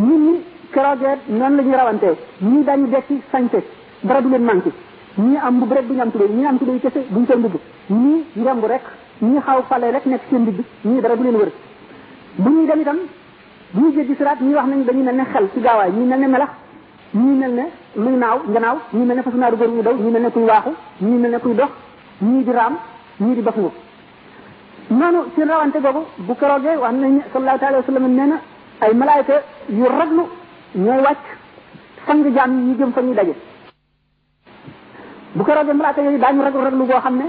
ñun ñi keroogee nan la ñuy rawantee ñii dañu dekki sañte dara du leen manki ñi am mbubb rek duñu am tubéy ñii am tubéy kese duñ seen mbubb ñii ngemb rek ñi xaw fale rek nekk seen digg ñi dara du leen wër bu ñuy dem itam bu ñu jéggi siraat ñi wax nañ dañuy mel ne xel ci gaawaay ñi mel ne melax ñi mel ne luy naaw nganaaw ñi mel ne fasu naaru góor ñu daw ñi mel ne kuy waaxu ñi mel ne kuy dox ñi di raam ñi di bafungu noonu seen rawante googu bu keroogee wax nañ sallallahu alayhi wa sallam nee ay malaayka yu raglu ñooy wàcc sang jaam yi jëm fa ñuy daje bu ko ragee malaayka yooyu daañu raglu raglu boo xam ne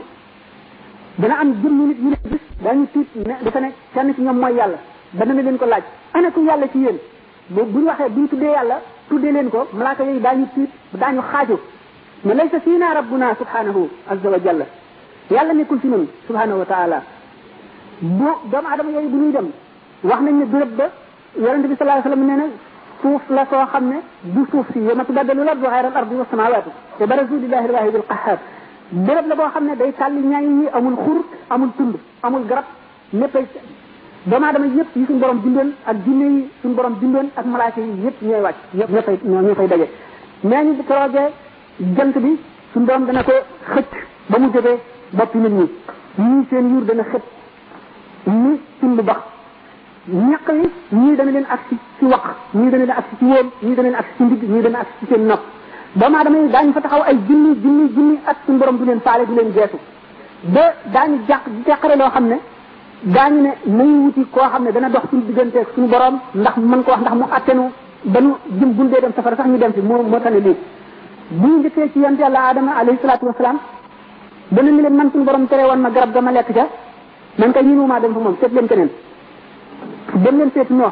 dana am jëmmi nit ñu leen gis dañu tiit ne dafa ne kenn ci ñoom mooy yàlla dana ne leen ko laaj ana ku yàlla ci yéen bu bu ñu waxee bu ñu tuddee yàlla tuddee leen ko malaaka yooyu daañu tiit daañu xaaju ne laysa fiina rabbuna subhanahu azza wa jalla yàlla nekkul ci ñun subhanahu wa taala bu doomu adama yooyu bu ñuy dem wax nañ ne béréb ba yonent bi sallallahu alayhi wasallam neena suuf la soo xam ne du suuf si yama tubaddalu l ardu xayra al ardi wa samawati te barazu lillahi al wahid al qahhar béréb la boo xam ne day tàlli ñaay yi amul xur amul tund amul garab léppay doomu aadama yëpp yi suñ borom bindoon ak jinne yi suñ borom bindoon ak malaaka yi yëpp ñooy wàcc yëpp ñoo fay ñoo fay daje nee ñu troogee jant bi suñ borom dana ko xëcc ba mu jógee boppi nit ñi ñii seen yuur dana xëpp ñi tund bax ñaq yi ñii dana leen agsi ci waq ñii dana leen agsi ci wóom ñii dana leen agsi ci ndigg ñii dana agsi ci seen nopp doomu aadama yi daañu fa taxaw ay junni junni junni ak suñu borom du leen faale du leen geesu ba daañu jàq jeqare loo xam ne daañu ne nañu wuti koo xam ne dana dox suñu digganteeg suñu borom ndax mën ko wax ndax mu attenu ba nu jëm buñ dee dem safara sax ñu dem fi moo moo tane lii bu ñu njëkkee ci yonte yàlla aadama alayhi salaatu wasalaam dana ni leen man suñu borom tere woon ma garab ga ma lekk ca man kay ñi dem fa moom seet leen keneen dem leen seeti noox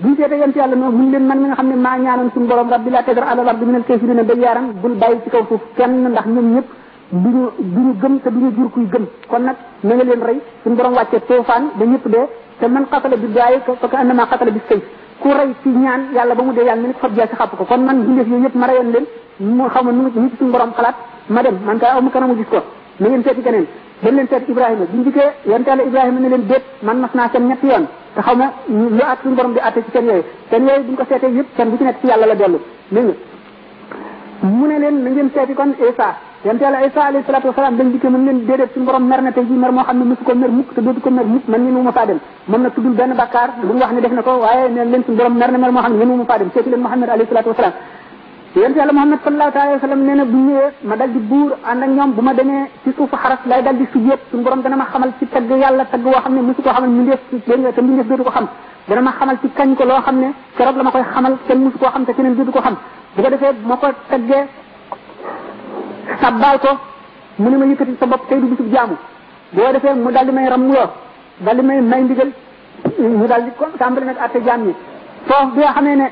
bu ñu seetee yonent yàlla noox mu leen man mi nga xam ne maa ñaanoon suñu borom rabbi laa tadar alal ardi minal kaafiriina dayyaaran bul bàyyi ci kaw suuf kenn ndax ñoom na nga leen rey suñu borom wàcce toofaan ba ñëpp dee te man xatala bi daayi fa ka annama xatala bi sayf ku rey ci ñaan yàlla ba mu dee yàlla ne ko fab jaasi xàpp ko kon man bindeef yooyu yëpp ma reyoon leen mu xaw ma nu nit suñu borom xalaat ma dem na ngeen seeti keneen dem leen seeti ibrahima biñ dikkee yonte yàlla ibrahima ne leen déet man mas naa seen ñetti yoon te xaw ma lu at suñu borom di atte ci seen yooyu seen yooyu buñ ko seetee yëpp seen bu ci nekk ci yàlla la dellu dégg nga mu ne leen na ngeen seeti kon isa yonte yàlla isa alayhi salatu wasalaam dañ dikkee mën leen déedéet suñu borom mer na tey jii mer moo xam ne mosu ko mer mukk te dootu ko mer mukk man ñemewu ma faa dem moom nag tuddul benn bakkaar buñ wax ne def na ko waaye neen leen suñu borom mer na mer moo xam ne ñemewu ma faa dem seeti leen muhammad alayhi salatu wasalaam yonent yàlla Muhammad sallallahu alayhi wa sallam nee ma dal di buur ànd ak ñoom bu ma demee ci suufu xaras lay dal di sujjeet suñu dana ma xamal ci tagg yàlla tagg woo xam ne musu koo xamal mbindeef dégg nga te mbindeef dootu ko xam dana ma xamal ci kañ ko loo ne keroog la ma koy xamal kenn musu koo xam te keneen dootu ko xam bu ko defee ma ko taggee sabbaal ko mu ne ma yëkkati sa bopp tey du bisub jaamu boo defee mu daal di may ramloo daal di may may ndigal mu daal di tàmbali nag atte jaam yi foofu bi nga xamee ne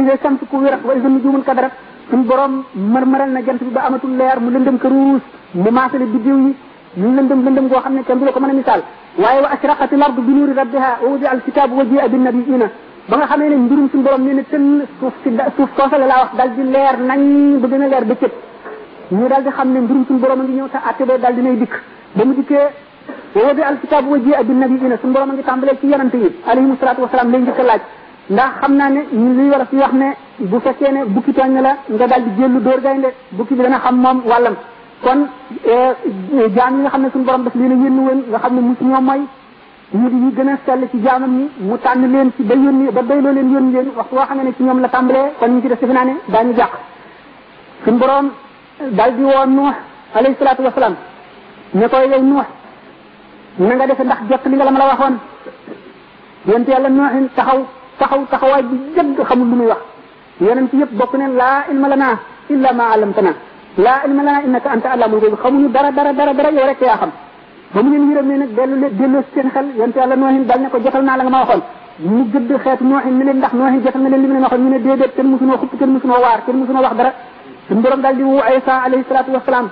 ida samtu ku wirat wa ida nujumul kadarat suñ borom mërmëral na jant bi ba amatul leer mu lëndëm ka ruus mu maasale biddiw yi ñu lëndëm lëndëm goo xam ne kenn du la ko mën a misaal waaye wa asraqat al ardu bi nuri rabbiha wa wudi al kitab wa jia bin nabiyina ba nga xamee ne mbirum suñ borom nee na tëll suuf si suuf soosale laa wax dal di leer nañ ba gën a leer bëccëg ñu dal di xam ne mbirum suñ borom a ngi ñëw te àtte bee dal di nay dikk ba mu dikkee wa wudi al kitab wa jia bin nabiyina suñ borom a ngi tàmbalee ci yonante yi alayhimu salaatu wasalaam lay njëkk laaj ndax xam naa ne ñu li war a fi wax ne bu fekkee ne bukki tooñ na la nga daal di jëllu dóor gaynde bukki bi dana xam moom wàllam kon eh, jaam yi nga xam ne suñu borom daf leen a yónni woon nga xam ne mu ci ñoom mooy ñu gën a sell ci jaamam ñi mu tànn leen ci ba yónni ba doyloo leen yónni leen waxtu woo xam ne ci ñoom la tàmbalee kon ñu ci def defe naa ne daañu jàq suñu borom daal di woo Nuux alayhi salaatu wasalaam ne koy yow Nuux na nga defe ndax jot li nga la ma la waxoon yonte yàlla Nuuxin taxaw taxaw taxawaay bu jëgg xamul lu muy wax ci yëpp bokk ne laa ilma lana illa ma alamtana laa ilma lana innaka anta allamul ghuyub xamuñu dara dara dara dara yow rek yaa xam ba mu leen yërëm ne nag dellu le delloo seen xel yent yàlla noohin dal ne ko jotal naa la nga ma waxoon ñu gëdd xeetu noohin ne leen ndax noohin jotal na leen li mu leen waxoon ñu ne déedéet kenn musunoo xupp kenn musunoo waar kenn musunoo wax dara suñ borom dal di wu Isa alayhi salatu wasalaam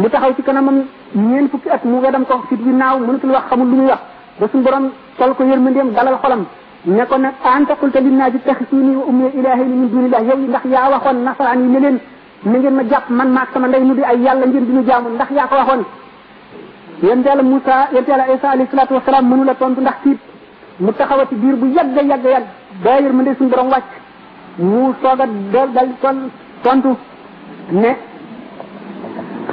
mu taxaw ci kanamam ñeen fukki at mu wedam ko fit bi naaw mënatul wax xamul lu muy wax ba suñ borom tol ko yërmandeem dalal xolam ne ko nag anta qulta linnaasi taxisuuni wa ummi ilaahayni min duunillah yow ndax yaa waxoon nasaraan yi ne leen na ngeen ma jàpp man maag sama ndey nu di ay yàlla ngeen di ñu jaamu ndax yaa ko waxoon yent yàlla Moussa yent yàlla Isa alayhi salaatu wasalaam mënu la tontu ndax tiit mu taxawati biir bu yàgg yàgg yàgg ba yërmande suñu borom wàcc mu soog a dal dal tontu ne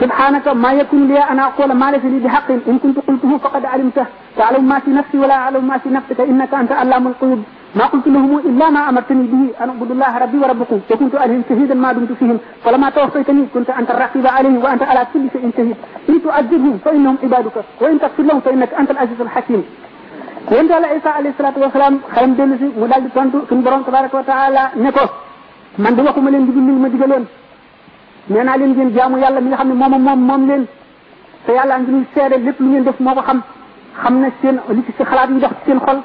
سبحانك ما يكون لي أن أقول ما ليس لي بحق إن كنت قلته فقد علمته تعلم ما في نفسي ولا أعلم ما في نفسك إنك أنت علام القيوب ما قلت لهم إلا ما أمرتني به أن أعبد الله ربي وربكم وكنت عليهم شهيدا ما دمت فيهم فلما توفيتني كنت أنت الرقيب عليه وأنت على كل شيء شهيد إن تؤذبهم فإنهم عبادك وإن تغفر لهم فإنك أنت العزيز الحكيم yéen daal Isa alayhi salaatu wa salaam xelam dellu si mu daal di tontu suñu borom tabaraka wa taala ne ko man di waxuma leen di bindil ma digaloon nee naa leen ngeen jaamu yàlla mi nga xam ne moom moom moom leen te yàlla ngi ñuy seede lépp lu ngeen def moo ko xam xam na seen li ci xalaat yi dox ci seen xol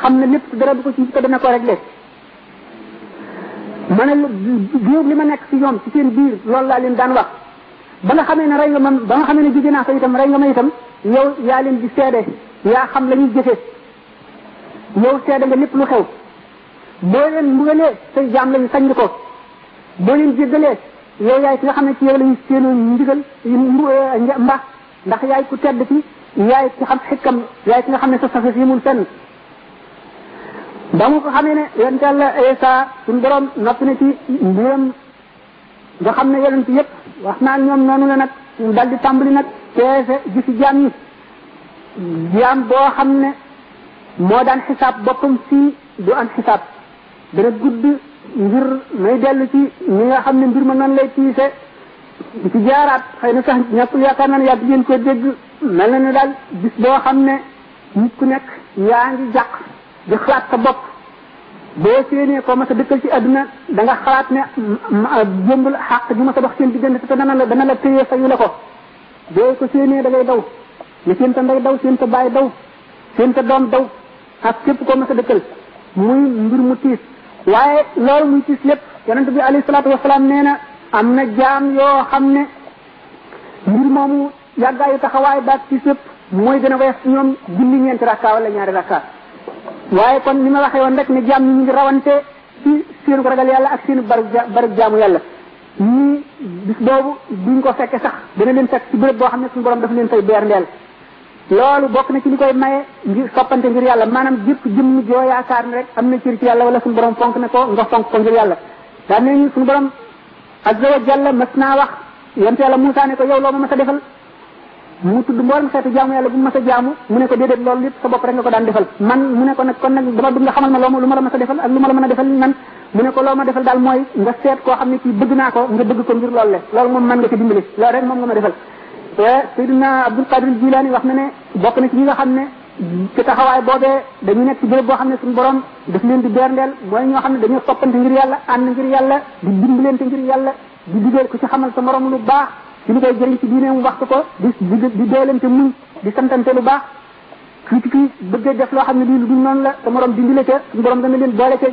xam na lépp dara du ko ci te dana ko réglé ma ne biir li ma nekk ci ñoom ci seen biir loolu laa leen daan wax ba nga xamee ne rey nga ma ba nga xamee ne jóge naa ko itam rey nga ma itam yow yaa leen di seede yaa xam la ñuy jëfee yow seede nga lépp lu xew boo leen mbugalee say jaam lañu sañ ko boo leen jéggalee yow yaay ki nga xam ne ci yow la ñu séenoo ndax yaay ku tedd ci yaay ki xam xikkam yaay ki xam ne sa safe mu mun fenn ba mu ko xamee ne yonent Yàlla Isa suñu borom noppi na nga xam ne yonent yëpp wax naa ñoom noonu la nag dal di tàmbali nag teese gisi jaam yi jaam boo xam ne moo daan xisaab boppam fii du am xisaab dana gudd ngir may dellu ci ñi nga xam ne mbir ma nan lay tiise di ci jaaraat xëy na sax ñàkkul yaakaar naan yàgg ngeen ko dégg mel daal bis boo xam ne nit ku nekk yaa ngi jàq di xalaat sa bopp boo séenee ko mas a ci àdduna da nga xalaat ne jëmbul xàq ji mas a dox seen diggante te dana la dana la téye fayu ne ko boo ko séenee da ngay daw ne seen ta ndey daw seen ta baay daw seen ta doom daw ak képp koo mas a dëkkal muy mbir mu tiis waaye loolu muy gis lépp yonent bi alayhi salaatu wasalaam nee na am na jaam yoo xam ne mbir moomu yàggaayu taxawaay baag ci sëpp mooy gën a wees ñoom julli ñeenti rakka wala ñaari rakka waaye kon ni ma waxee woon rek ne jaam ñi ñu rawante ci seenu ragal yàlla ak seenu bari bari jaamu yàlla ñii bis boobu duñ ko fekke sax dina leen fekk ci béréb boo xam ne suñu borom dafa leen fay beer ndeel loolu bokk na ci li koy maye ngir soppante ngir yàlla maanaam jëpp jëmm joo yaakaar ni rek am na cër ci yàlla wala suñu borom fonk na ko nga fonk ko ngir yàlla daan mas naa wax yonte yàlla Moussa ne a defal mu tudd mboolem xeetu jaamu yàlla bu mas a jaamu mu ne ko déedéet loolu lépp sa rek nga ko daan defal man mu ne ko nag kon nga xamal ma loo ma lu mas a defal ak lu ma la mën a defal man mu ne ko loo ma daal mooy nga seet koo xam ne kii bëgg naa ko nga bëgg ko ngir loolu le loolu moom man nga te Seydina Abdul Qadir Jilani wax na ne bokk na ci ñi nga xam ne ci taxawaay boobee dañu nekk ci béréb boo xam ne suñu borom daf leen di berndeel mooy ñoo xam ne dañoo soppante ngir yàlla ànd ngir yàlla di dimbalante ngir yàlla di digal ku ci xamal sa morom lu baax ci li koy jëriñ ci diine mu wax ko di di doolante muñ di santante lu baax fii ci fii bëggee def loo xam ne lii lu dul noonu la sa morom dindi la ca borom dana leen boole ca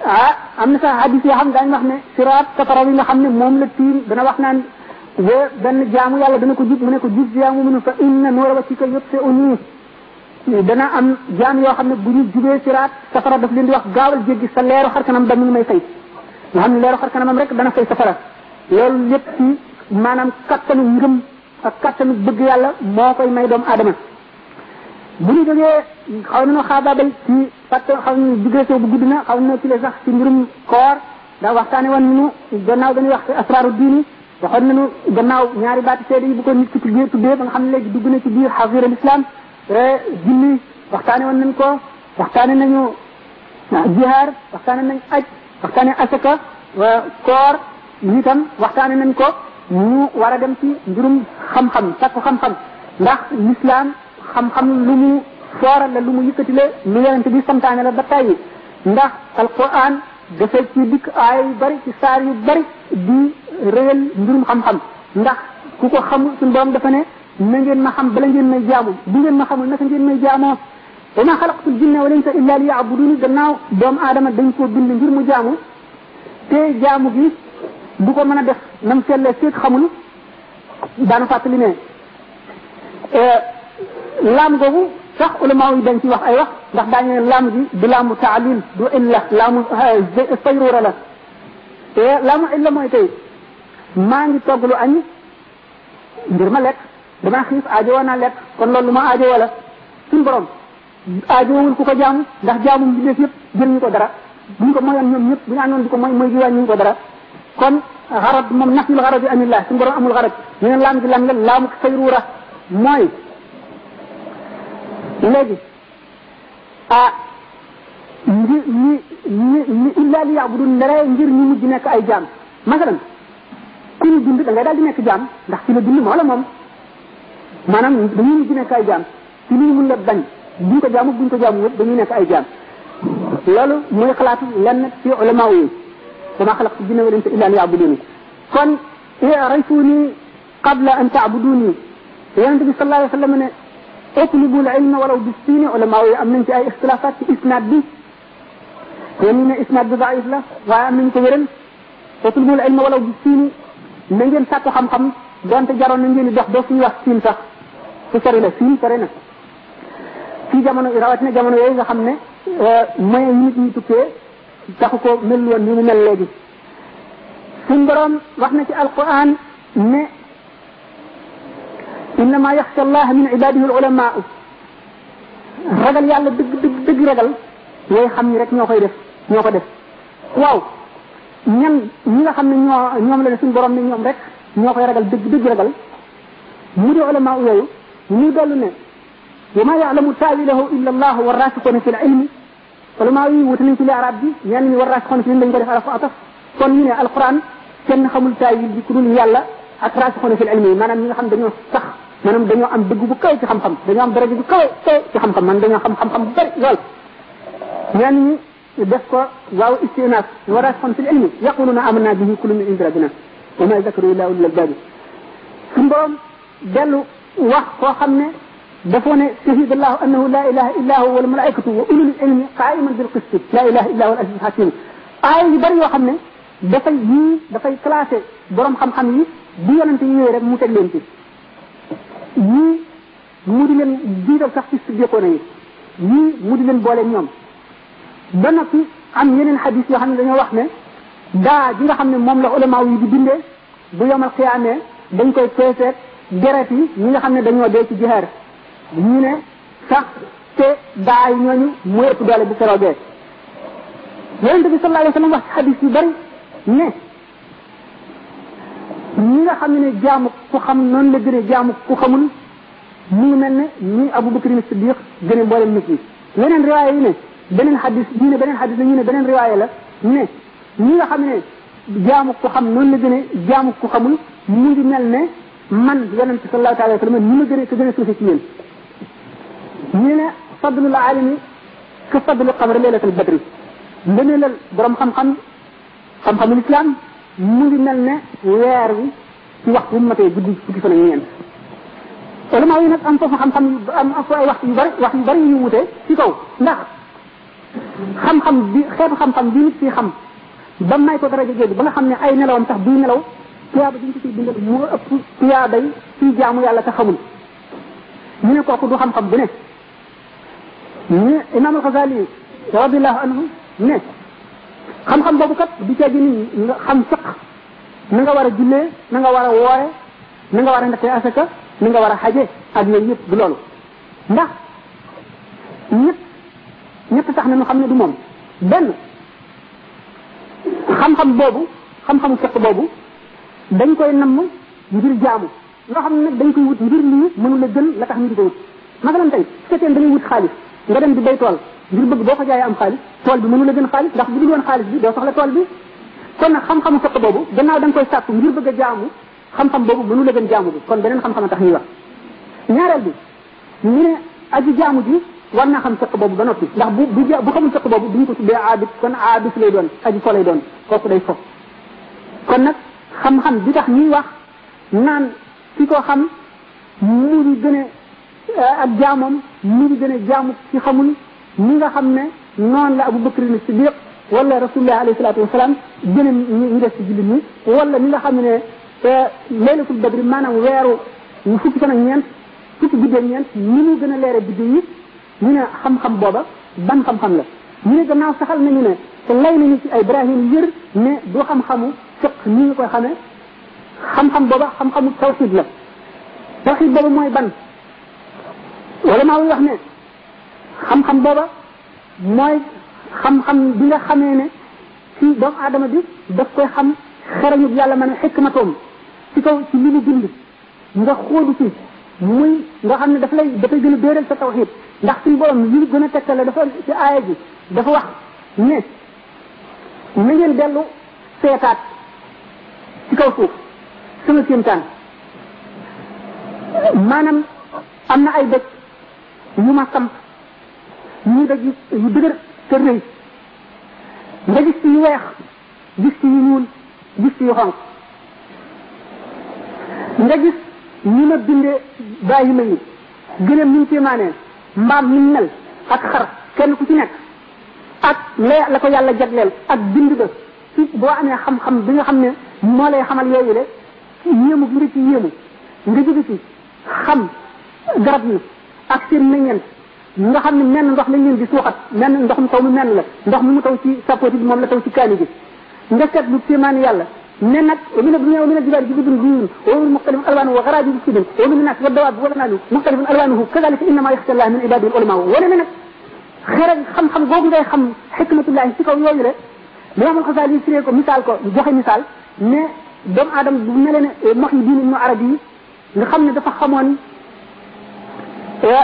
ah am na sax hadis yoo xam daañu wax ne siraat safara yi nga xam ne moom la tiim dana wax naan ba benn jaamu yàlla dana ko jub mu ne ko jub jaamu mu ne fa inna nuura rabbika yutfi'uni dana am jaam yoo xam ne bu ñu jubee siraat safara daf leen di wax gaawal jéggi sa leeru xar kanam ba mu ngi may fay nga xam ne leeru xar kanamam rek dana fay safara loolu lépp ci maanaam kattanu ngëm ak kattanu bëgg yàlla moo koy may doomu aadama bu ñu jógee xaw na xaabaabal ci fàtte xaw na digression bu gudd na xaw na ci la sax ci mbirum koor da waxtaane woon ñu gannaaw dañuy wax ci asraaru diini waxoon nañu gannaaw ñaari baati seede yi bu ko nit ki tuddee tuddee ba nga xam ne léegi dugg na ci biir xasir al islam julli waxtaane woon nañ ko waxtaane nañu jihaar waxtaane nañ aj waxtaane asaka koor itam waxtaane nañ ko ñu war a dem ci mbirum xam-xam sakku xam-xam ndax l'islam xam-xam lu mu fooral la lu mu yëkkati la lu yonente bi santaane la ba tàyyi ndax alquran dafa ci dikk aaya yu bari ci saar yu bari di réyal mbirum xam-xam ndax ku ko xamul suñu borom dafa ne na ma xam bala ngeen may jaamu bu ngeen ma xamul naka ngeen may jaamoo wa ma xalaqtul jinna wal insa illa liya'buduni gannaaw doomu aadama dañ koo bind ngir mu jaamu te jaamu gi bu ko mën a def nam sellee seet xamul daana fàttali ne eh, laam googu sax ulama yi dañ ci wax ay wax ndax daañu ne laam gi du laamu taalil du illa laamu eh, sayruura la te laamu illa mooy tey maa ngi togg lu añ ngir ma lekk damaa xiif aajowoo naa lekk kon loolu lu ma aajowoo la suñu borom aajowul ku ko jaamu ndax jaamu mbindeef yëpp jëriñu ko dara bu ñu ko moyoon ñoom ñëpp bu ñu àndoon di ko moy mooy gi wàññi ko dara kon xarab moom nafyul xarab yi anillah suñu borom amul xarab ñu ne laam gi lan la laamu sayruura mooy léegi ah ngir ñi ñi ñi illa li yabudu ndere ngir ñi mujj nekk ay jaam masalan ku ñu dund da ngay daal di nekk jaam ndax ci la dund moo la moom maanaam dañuy mujj nekk ay jaam ci li ñu mun la bañ buñ ko jaamu buñ ko jaamu yëpp dañuy nekk ay jaam loolu muy xalaatu lenn ci ulama yi dama xalaq ci jinne walente illa li yabuduni kon iraytuni qabla an ta'buduni yonente bi sallallahu alayhi wa sallam ne اطلبوا العلم ولو بالسين علماء يأمنك أي اختلافات اسناد به يمين اسناد ضعيف له ويأمن كبيرا اطلبوا العلم ولو بالسين من جن ساتو خم خم دون تجارون من جن دخ دوسي وحسين سا فسر إلى سين سرين في جمعنا إراواتنا جمعنا يأيزا خمنا ما يميت نيتوكي تخوكو ملوان نيمنا اللي سنبرون وحنا في القرآن ما innama yaxsha allah min ibadihi al ulama ragal yàlla dëgg dëgg dëgg ragal yooyu xam ni rek ñoo koy def ñoo ko def waaw ñan ñi nga xam ne ñoo ñoom la ne suñu borom ne ñoom rek ñoo koy ragal dëgg dëgg ragal mu di ulama yooyu ñu dollu ne wa ma yaalamu taawilahu illa allah wa rasikuna fi l ilmi ulama yi wuti nañ ci li arab bi ñenn ñi war rasikuna fi lañ ko def ala ko ataf kon ñu ne alquran kenn xamul taawil bi ku dul yàlla ak rasikuna fil ilmi manam ñi nga xam dañoo sax manam dañoo am dëgg bu kaw ci xam-xam dañoo am daraja bu kaw kaw ci xam-xam man dañoo xam xam-xam bu bari lool ñaan ñi def ko waaw istinaaf wa rasikuna fil ilmi yaquluna amanna bihi kullu min indi rabbina wa ma zakaru illa ulul albab sun borom dellu wax koo xam ne dafoo ne shahid allahu annahu la ilaha illa huwa wal malaikatu wa ulul ilmi qaiman bil qist la ilaha illa huwa al aziz hakim aay yu bari yoo xam ne dafay yii dafay classé borom xam-xam yi bu yonente yi ñëwee rek mu teg leen ci ñii mu di leen jiital sax ci siddiqoona yi mu di leen boole ñoom ba noppi am yeneen xadis yoo xam ne dañoo wax ne daa ji nga xam ne moom la ulama yi di bindee bu yomal xiyaamee dañ koy peeseet deret yi ñi nga xam ne dañoo dee ci jihaar ñu ne sax te daa yi ñooñu mu ëpp doole bu keroogee yonente bi sallallahu alayhi wa sallam wax ci xadis yu bari ne ñi nga xam ne jaamu ku xam noonu la gënee jaamu ku xamul mi mel ne ñi abu bakri ni siddiq gënee mboolem nit ñi yeneen riwaaya yi ne beneen xadis ñu ne beneen xadis la ñu ne beneen riwaaya la ne ñi nga xam ne jaamu ku xam noonu la gënee jaamu ku xamul mu ngi mel ne man yonente sallallahu taala wa sallam ni ma gënee ka gën a suufe ci yéen ñu ne fadlul alimi ka fadlu qamar leelatal badri ngëneelal borom xam-xam xam-xamul islam mu ngi mel ne weer wi ci waxtu mu matee guddi guddi fan ak ñeent ulama yi nag am foofu xam-xam am fa ay waxtu yu bari wax yu bari yu wute ci kaw ndax xam-xam bi xeetu xam-xam bi nit ci xam ba may ko dara jege ba nga xam ne ay nelawam sax buy nelaw tuyaaba diñ ko ciy bindal moo ëpp tuyaabay ci jaamu yàlla te xamul ñu ne kooku du xam-xam bu ne ñu imam al-Ghazali radiallahu anhu ne xam-xam boobu kat du teggi ni nga xam fiq na nga war a jullee na nga war a woore na nga war a ndate asaka na nga war a xaje ak yooyu yëpp du loolu ndax ñett ñett tax na nu xam ne du moom benn xam-xam boobu xam-xamu fiq boobu dañ koy namm ngir jaamu loo xam ne dañ koy wut ngir lii mënu la gën la tax ñu di ko wut masalan tey su fekkee dañuy wut xaalis nga dem di bay tool ngir bëgg boo ko jaayee am xaalis tool bi mënu la gën xaalis ndax bu dul woon xaalis bi doo soxla tool bi kon nag xam-xamu fekk boobu gannaaw da nga koy sàkku ngir bëgg a jaamu xam-xam boobu mënu la gën jaamu bi kon beneen xam-xam tax ñuy wax ñaareel bi ñu ne aji jaamu ji war naa xam fekk boobu ba noppi ndax bu bu bu xamul fekk boobu duñ ko tuddee aabit kon aabit lay doon aji fo lay doon kooku day fo kon nag xam-xam bi tax ñuy wax naan ki ko xam mu gën a ak jaamam mu ngi gën a jaamu ci xamul ñi nga xam ne noonu la abu bakri ne siddiq wala rasulullah alayhi salatu wasalaam gën a ñu des ci jullit ñi wala ñi nga xam ne laylatul badri maanaam weeru ñu fukki fan ak ñeent fukki guddee ñeent ni mu gën a leere biddi yi ñu ne xam-xam booba ban xam-xam la ñu ne gannaaw saxal nañu ne te lay nañu ci ay ibrahim yër ne du xam-xamu fiq ni ñu koy xamee xam-xam booba xam-xamu tawxid la tawxid booba mooy ban wala maa wax ne xam-xam booba mooy xam-xam bi nga xamee ne ci doomu aadama bi daf koy xam xerañub yàlla ma ne xikmatoom ci kaw ci li mu bind nga xóodu ci muy nga xam ne dafa lay dafay gën a dóoral sa tawxiid ndax suñu borom li gën a tegtale dafa ci aaya ji dafa wax ne na ngeen dellu seetaat ci kaw suuf sama kéemtaan maanaam am na ay dëkk ñu ma samp ñii daj yu dëgër te rëy nga gis yu weex gis yu ñuul gis ci yu xonq nga gis ñi ma bindee bàyyi ma yi gënam ñu téemaanee mbaam mi mel ak xar kenn ku ci nekk ak la la ko yàlla jagleel ak bind ba ci boo amee xam-xam bi nga xam ne moo lay xamal yooyu le yéemu bi nga ci yéemu nga jóge ci xam garab yi ak seen meññent nga xam ne menn ndox lañ leen di suuxat menn ndox mu taw mi menn la ndox mi mu taw ci sapoti bi moom la taw ci kaani gi nga seet lu téemaani yàlla ne nag min ad-dunya wa min al-jibali jududun biyun wa min mukhtalif alwan wa gharabi bisibin wa min an-nas wad-dawab wa nanu mukhtalif alwanuhu kadhalika inma yakhsha Allah min ibadihi al-ulama wa ne nag xere xam-xam googu ngay xam hikmatullah ci kaw yooyu la Imam al-Ghazali firé ko misaal ko joxe misaal ne doomu aadama bu mel ne Muhyiddin ibn Arabi nga xam ne dafa xamoon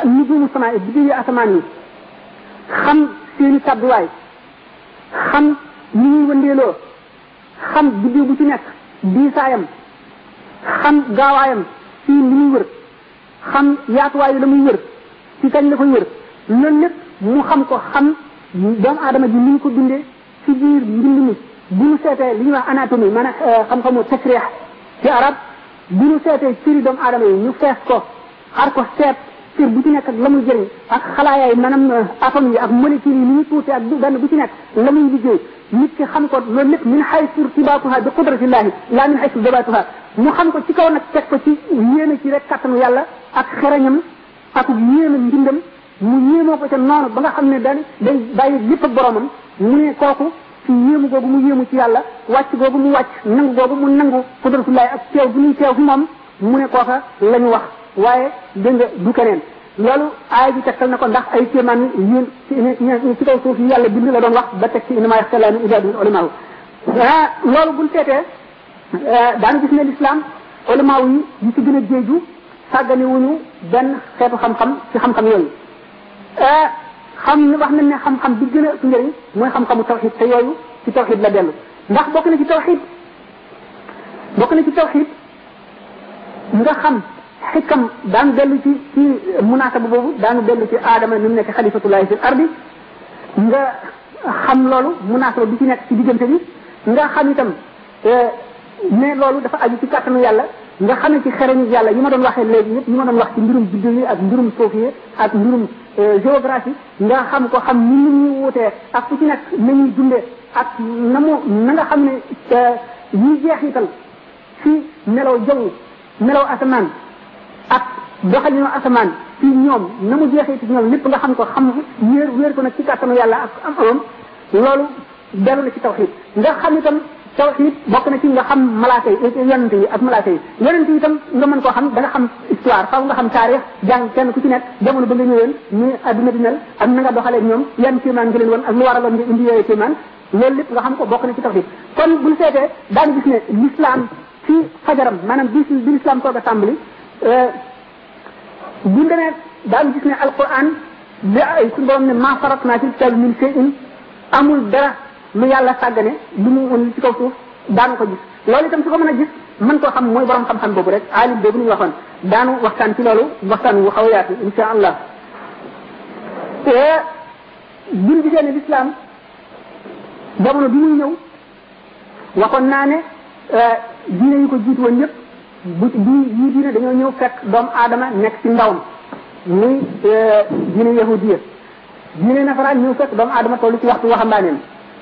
nujumu samaa yi biddew yi asamaan yi xam seeni tàbbuwaay xam ni ñuy wëndeeloo xam biddew bu ci nekk diisaayam xam gaawaayam fii li muy wër xam yaatuwaayu la muy wër ci kañ la koy wër loolu lépp mu xam ko xam doomu aadama ji ni ñu ko dundee si biir mbind mi bu ñu seetee li ñuy wax anatomie maanaam eh, xam-xamu tasriix ci arab bu ñu seetee cëri doomu aadama yi ñu fees ko xar ko seet cër bu ci nekk ak la muy jëriñ ak xalaayaay maanaam atom yi ak molécule yi ni ñu tuuti ak benn bu ci nekk la muy liggéey nit ki xam ko loolu lépp min xaysu irtibaatuha bi qudratillahi laa min xaysu dabaatuha mu xam ko ci kaw nag teg ko ci yéene ci rek kattanu yàlla ak xerañam ak yéene mbindam mu yéemoo ko ca noonu ba nga xam ne daal day bàyyi lépp ak boromam mu ne kooku ci yéemu googu mu yéemu ci yàlla wàcc googu mu wàcc nangu googu mu nangu qudratullahi ak teew bu ñuy teew fi moom mu ne kooka la ñu wax waaye dégg nga du keneen loolu aay bi tegtal na ko ndax ay kéemaan yu ci kaw suuf yi yàlla bind la doon wax ba teg ci innamaa yaxsallaahu min ibaadihi ulamaaw loolu buñ seetee daanu gis ne lislaam ulamaaw yi yi ci gën a jéeju sàggani wuñu benn xeetu xam-xam ci xam-xam yooyu xam wax nañ ne xam-xam bi gën a ëpp njëriñ mooy xam-xamu tawxid te yooyu ci tawxid la dellu ndax bokk na ci tawxid bokk na ci tawxid nga xam kam daan dellu ci ci munaasaba boobu daan dellu ci aadama ni mu nekk xalifatullahi fil ardi nga xam loolu munaasaba bi ci nekk ci diggante bi nga xam itam eh, ne loolu dafa aju ci kàttanu yàlla nga xamee ci xereñu yàlla yi ma doon waxee léegi yëpp yi ma doon wax ci mbirum biddew yi ak mbirum suuf yi ak mbirum eh, géographie nga xam ko xam ni nit ñi wutee ak fu ci nekk na ñuy dundee ak na mu na nga xam ne eh, yi jeexital ci melaw jaww melaw asamaan ak doxalinu asamaan ci ñoom na mu jeexee ci ñoom lépp nga xam ko xam wéer wéer ko nag ci kàttanu yàlla ak am amam loolu dellu na ci tawxid nga xam itam tawxid bokk na ci nga xam malaaka yi yonente yi ak malaaka yi yonente yi tam nga mën koo xam da nga xam histoire faaw nga xam taarix jàng kenn ku ci nekk jamono ba nga ñëween ni adduna di mel ak na nga doxalee ñoom yan kéemaan leen woon ak lu waraloon a loolu nga xam ko bokk na ci tawxid kon buñ seetee daan gis ne l'islam ci fajaram maanaam bi bi l'islam soog a tàmbali buñ demee daan gis ne alquran li ay suñu borom ne maa farat naa ci kitab min shay'in amul dara lu yàlla sàggane lu mu woon ci kaw suuf daanu ko gis loolu itam su ko mën a gis mën koo xam mooy borom xam-xam boobu rek alim boobu ñu waxoon daanu waxtaan ci loolu waxtaan wu xaw a yaatu insha allah te buñ gisee ne lislaam jamono bi muy ñëw waxoon naa ne diine yu ko jiitu woon ñëpp bu bu yii dañoo ñëw fekk doomu adama nekk ci ndawam muy euh, diine yahudiya diine nasaraan ñëw fekk doomu aadama tollu ci waxtu waxambaaneem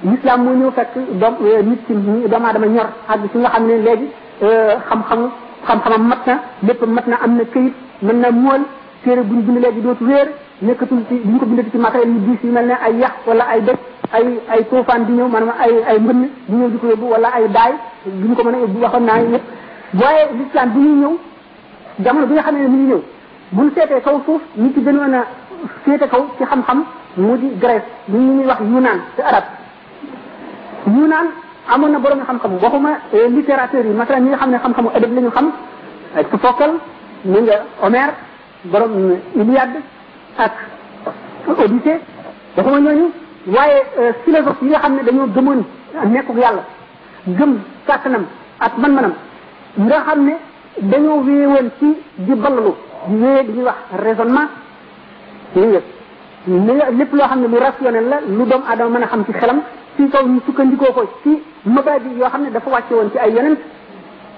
l'islam moo ñëw fekk doom euh, nit ci doomu aadama ñor ak ci nga xam ne léegi euh, xam-xamu xam-xamam mat na lépp mat na am na këyit mën na mool téere bu bind léegi dootu réer nekkatul ci buñ ko bindati ci matériel yu diis yu mel ne ay yàq wala ay dëkk ay ay tuufaan di ñëw maanaam ay ay mbënn di ñëw di ko yóbbu ay daay duñ ko naa waaye l'islam bi ñuy ñëw jamono bi nga xam ne mi ngi ñëw buñ seetee kaw suuf ñi ci gënoon a féete kaw ci xam-xam mu di Grèce ñu ñuy wax Yunaan ci arab Yunaan amoon na borom xam-xam waxuma euh, littérateur yi masalan ñi nga xam ne xam-xamu adab la ñu xam ak Sophocles ñu nga Homère borom Iliade ak Odyssée waxuma ñooñu waaye euh, philosophe yi nga xam ne dañoo gëmoon nekkuk yàlla gëm kàttanam ak man-manam nga xam ne dañoo wéewoon ci di ballalu di wéyee di ñuy wax raisonnement yéen nga li lépp loo xam ne lu rationnel la lu doomu aadama mën a xam ci xelam ci kaw ñu sukkandikoo ko ci mabaadi yoo xam ne dafa wàcce woon ci ay yeneen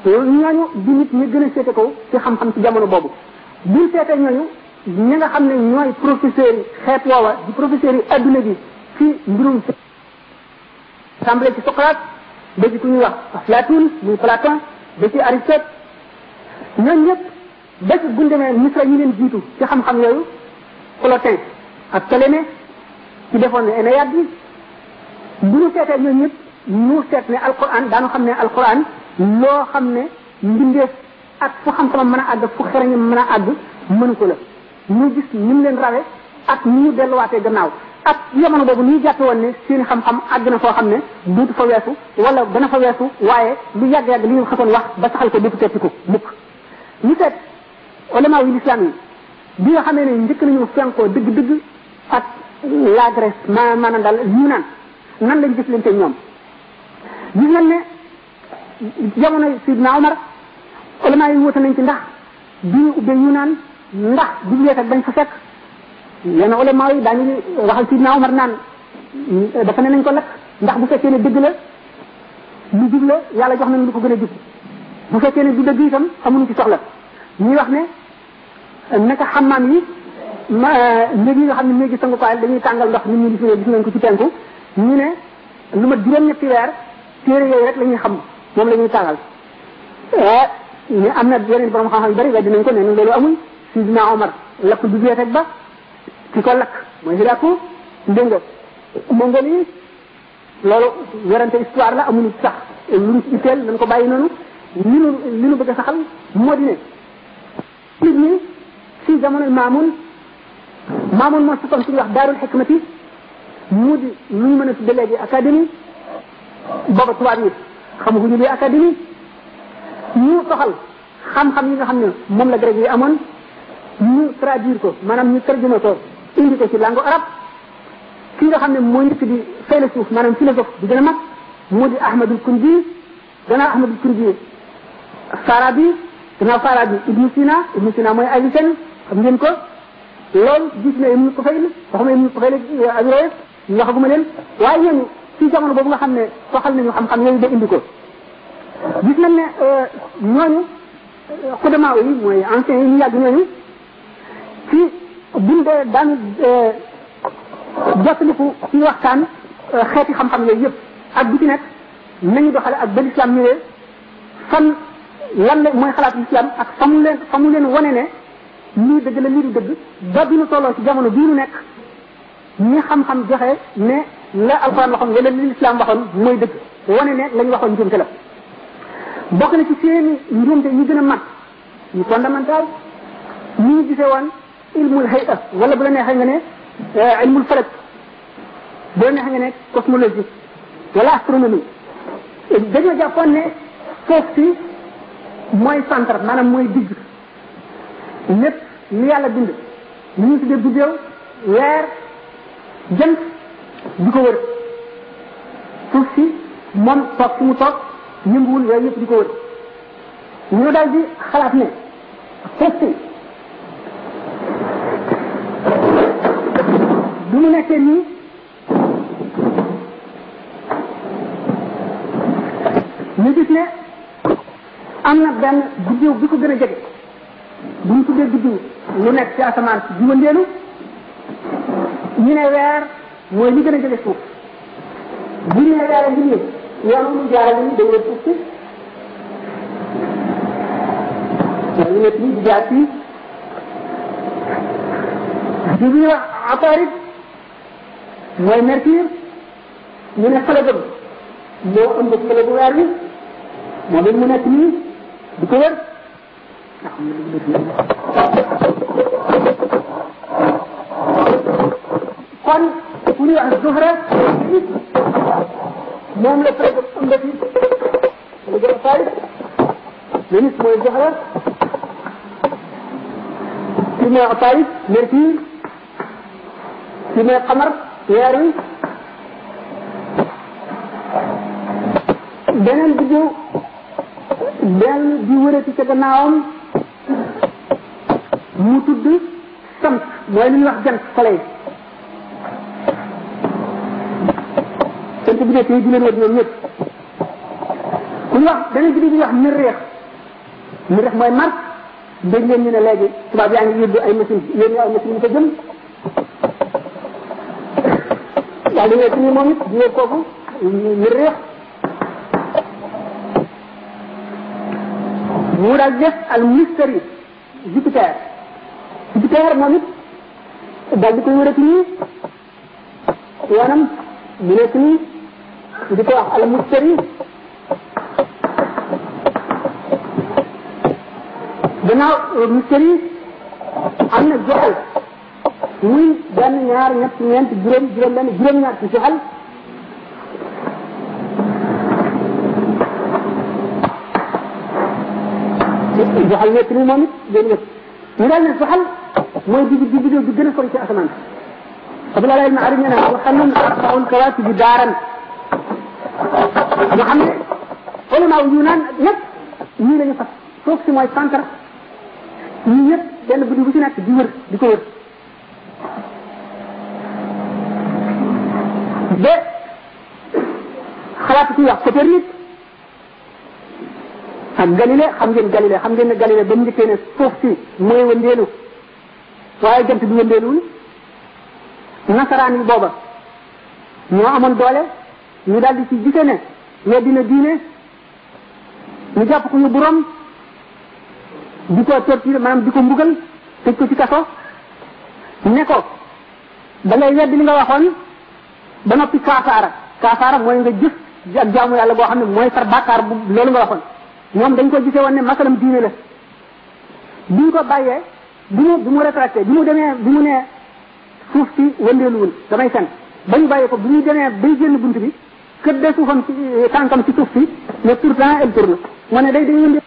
ñooñu di nit ñi gën a seete ko ci xam-xam ci jamono boobu buñ seetee ñooñu ñi nga xam ne ñooy professeurs yi xeet woowa di professeurs yi adduna bi ci mbirum semblé ci Socrate ba ci ku ñuy wax Platon muy Platon ba yi Aristote ñoom ñëpp ba ci bu ñu demee Misra ñu leen jiitu ci xam-xam yooyu Plotin ak Ptolémée ci defoon ne Énéade bi bu ñu seetee ñoom ñëpp ñu seet ne Alquran daanu xam ne Alquran loo xam ne mbindeef ak fu xam-xamam mën a àgg fu xereñam mën a àgg mënu ko la ñu gis ni mu leen rawe ak ni ñu delluwaatee gannaaw ak jamono boobu ni jàppe woon ne seen xam-xam àgg na foo xam ne duutu fa weesu wala dana fa weesu waaye lu yàgg-yàgg li ñu xasoon wax ba saxal ko duutu teppiku mukk ñu seet ulama yi lislaam yi bi nga xamee ne njëkk nañu fenkoo dëgg-dëgg ak la Grèce ma maanaam daal ñu naan nan lañ gis leen te ñoom gis ngeen ne jamonoy Sidna Omar ulama yi wute nañ ci ndax bi ñu ubbee ñu naan ndax bibliothèque bañ fa fekk na yenn ulama yi daañu waxal Sidna Omar naan dafa ne nañ ko lakk ndax bu fekkee ne dëgg la lu jub la yàlla jox nañu lu ko gën a jub bu fekkee ne du dëgg itam amuñu ci soxla ñuy wax ne naka xammaam yi ma néeg yi nga xam ne néegi sangukaay dañuy tàngal ndox nit ñi di gis ko ci penku ñu ne lu mat juróom-ñetti weer téere yooyu rek la ñuy xam moom la ñuy tàngal mais eh, am na yeneen borom xam-xam yu bëri waaye nañ ko ne loolu amul Sidna Omar lakk bibliothèque ba ki ko lakk mooy xilaaku ndéngo mongol yi loolu werante histoire la amuñu sax luñ ci itteel nañ ko bàyyi noonu li nu li nu bëgg a saxal moo di ne si jamono maamun maamun moo sasoon suñu wax daarul xikmati mu lu ñu a tudde léegi académie booba tubaab yi xamaguñu li académie ñu toxal xam-xam yi nga xam ne moom la grec yi amoon ñu traduire ko maanaam ñu tarjuma ko indi ko ci langue arab ki nga xam ne mooy njëkk di philosophe maanaam philosophe bi gën a mag moo di ahmadul kundi gannaaw ahmadul kundi farabi gannaaw farabi ibnu sina ibnu sina mooy avicenne xam ngeen ko loolu gis na ibnu tufayl wax ma ibnu tufayl abiroye waxaguma leen waaye ñooñu ci jamono boobu nga xam ne soxal nañu xam-xam yooyu ba indi ko gis nañ ne ñooñu xudama yi mooy ancien yi ñu yàgg ñooñu ci buñ dee daan euh, jottaliku ci waxtaan euh, xeeti xam-xam yooyu yépp ak bu ci nekk nañu doxale ak ba lislaam ñëwee fan lan la mooy xalaat lislaam ak fa mu leen fa mu leen wane ne lii dëgg la lii du dëgg ba nu tolloo ci jamono bii nu nekk ñi xam-xam joxe ne la alxuraan waxoon wala li lislaam waxoon mooy dëgg wane ne lañ waxoon njuumte la bokk na ci seeni njuumte yi gën a mag ñu fondamental ñi ñu gisee ilmul hay'a wala bu la neexee nga ne eh, ilmul falak bu la neexee nga ne cosmologie wala astronomie dañoo jàppoon ne suuf si mooy centre maanaam mooy digg lépp li yàlla bind li ñu tuddee biddeew weer jant di ko wër suuf si moom toog si mu toog yënguwul yooyu yëpp di ñu daal xalaat ne suuf bi mu nekkee nii ñu gis ne am na benn biddiw bi ko gën a jege bu ñu tuddee biddiw lu nekk ci asamaan si jiwandeelu ñu ne weer mooy li gën a jege suuf bu ñu ne weer ngi nii yoonu mu jaarale ni day wër suuf si waaye ñu mooy mercure ñu ne fa la jëm moo ëmb fële bu weer bi moo leen mu nekk nii di ko wër ndax mu dugg kon ku ñuy wax zuhra moom la fële jëm ëmb fi lu gën a fay le nit mooy zuhra ki may wax fay mercure ki may xamar weeru beneen bi ñëw dellu di wërati ca gannaawam mu tudd sant mooy ñuy wax jant bi di leen wër ñoom ñëpp ku ñu wax beneen bi ñuy wax mirreex mirreex mooy mars dégg leen ñu ne léegi tubaab yaa ngi yóbbu ay machine yéen ay machine ko jëm daal di wéet nii moom it di wéet al mystère Jupiter Jupiter moom it daal di koy wéret nii yoonam ko al mystère gannaaw mystère am na joxal muy benn ñaar ñett ñeent juróom juróom benn juróom ñaar ci xal joxal nekk ni moom it benn yëpp ñu daal ne joxal mooy digg digg digg bi gën a sori ci asamaan abdul alaay ibn arib nee na wa xanan arbaul kawaati bi daaran nga xam ne ulama yu naan ñëpp nii la ñu fas foofu si mooy centre ñii ñëpp benn guddi bu ci nekk di wër di ko wër ba xalaat ku ñuy wax Copernic ak Galilée xam ngeen Galilée xam ngeen ne Galilée ba mu njëkkee ne suuf si mooy wëndeelu waaye jant bi wëndeeluwul nasaraan yi booba ñoo amoon doole ñu daal di ci gise ne mais dina diine ñu jàpp ko yóbbu Rome di ko torture maanaam di ko mbugal tëj ko ci kaso ne ko da ngay wedd waxoon ba noppi kaafaara kaafaara mooy nga jëf ak jaamu yàlla boo xam ne mooy far bàkkaar bu loolu nga waxoon ñoom dañ ko gisee woon ne masalam diine la bi ko bàyyee bi mu bu mu retraité bu mu demee bu mu nee suuf si wëndeeluwul damay fen ba ñu bàyyee ko bu ñu demee bay génn bunt bi këddee suufam ci tànkam ci suuf si mais pourtant elle tourne moo ne day day wëndeel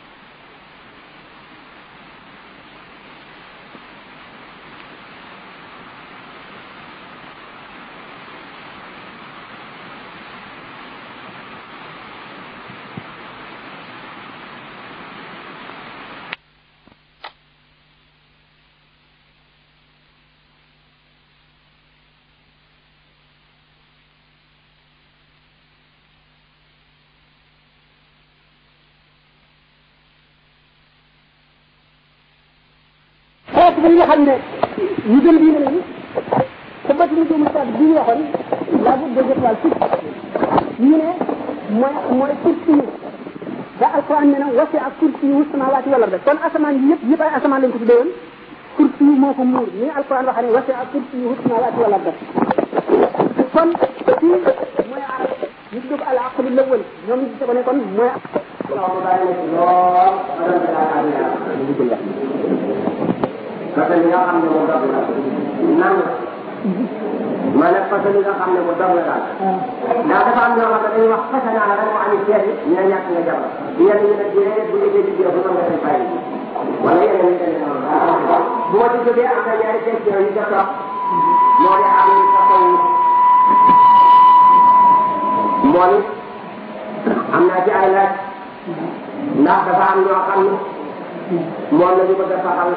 ñi nga xam ne ñu gën diine lañu te bët mu jëmu saat bi ñu waxoon la bu des étoiles six ñu ne mooy mooy kursi yi da alquran ne na wasi ak kursi yi samawaati wala rek kon asamaan yi yëpp yëpp ay asamaan lañ ko tuddee woon kursi yi moo ko muur ni alquran waxee ne wasi ak kursi yi samawaati wala rek kon fii mooy arab ñu tudd al aqlu lawal ñoom ñu gisee ko ne kon mooy fasal yi nga xam ne mu dog la nangu ma ne fasal yi nga xam ne mu dog la daal ah. ndax dafa am ñoo xam ne dañuy wax fasal naa la rek mu ami seet ñu ne ñàkk nga jabar yenn ñu ne jëree bu ñu dee bu nga seen fay wala yeneen ñu demee noonu bu ma ci jógee am na ñaari seet yu ca toog moo di am fasal moo ni am naa ci ay laaj ndax dafa am ñoo xam ne moom la ñu bëgg a saxal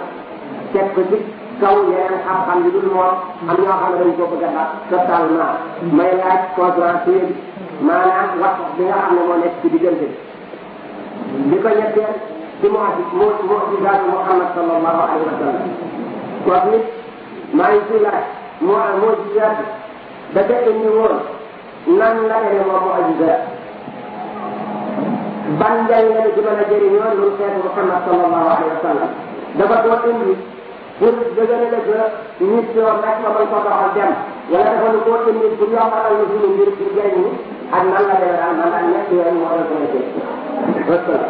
teg ko ci kaw yeneen xam-xam yi dul moom am ñoo xam ne dañ ko bëgg a dab totalement may laaj conférencier bi maanaam Muhammad Shallallahu Alaihi Wasallam. sallam wax nit maa ngi ciy laaj moo moo ci nan Muhammad Shallallahu Alaihi Wasallam dapat dafa جدل لك بالنسبة والنحو من قطع الجنة ولا تكون قوة من الدنيا على النزول من رجاله أن من لا يرى من أن يأتي أن يعرف والسلام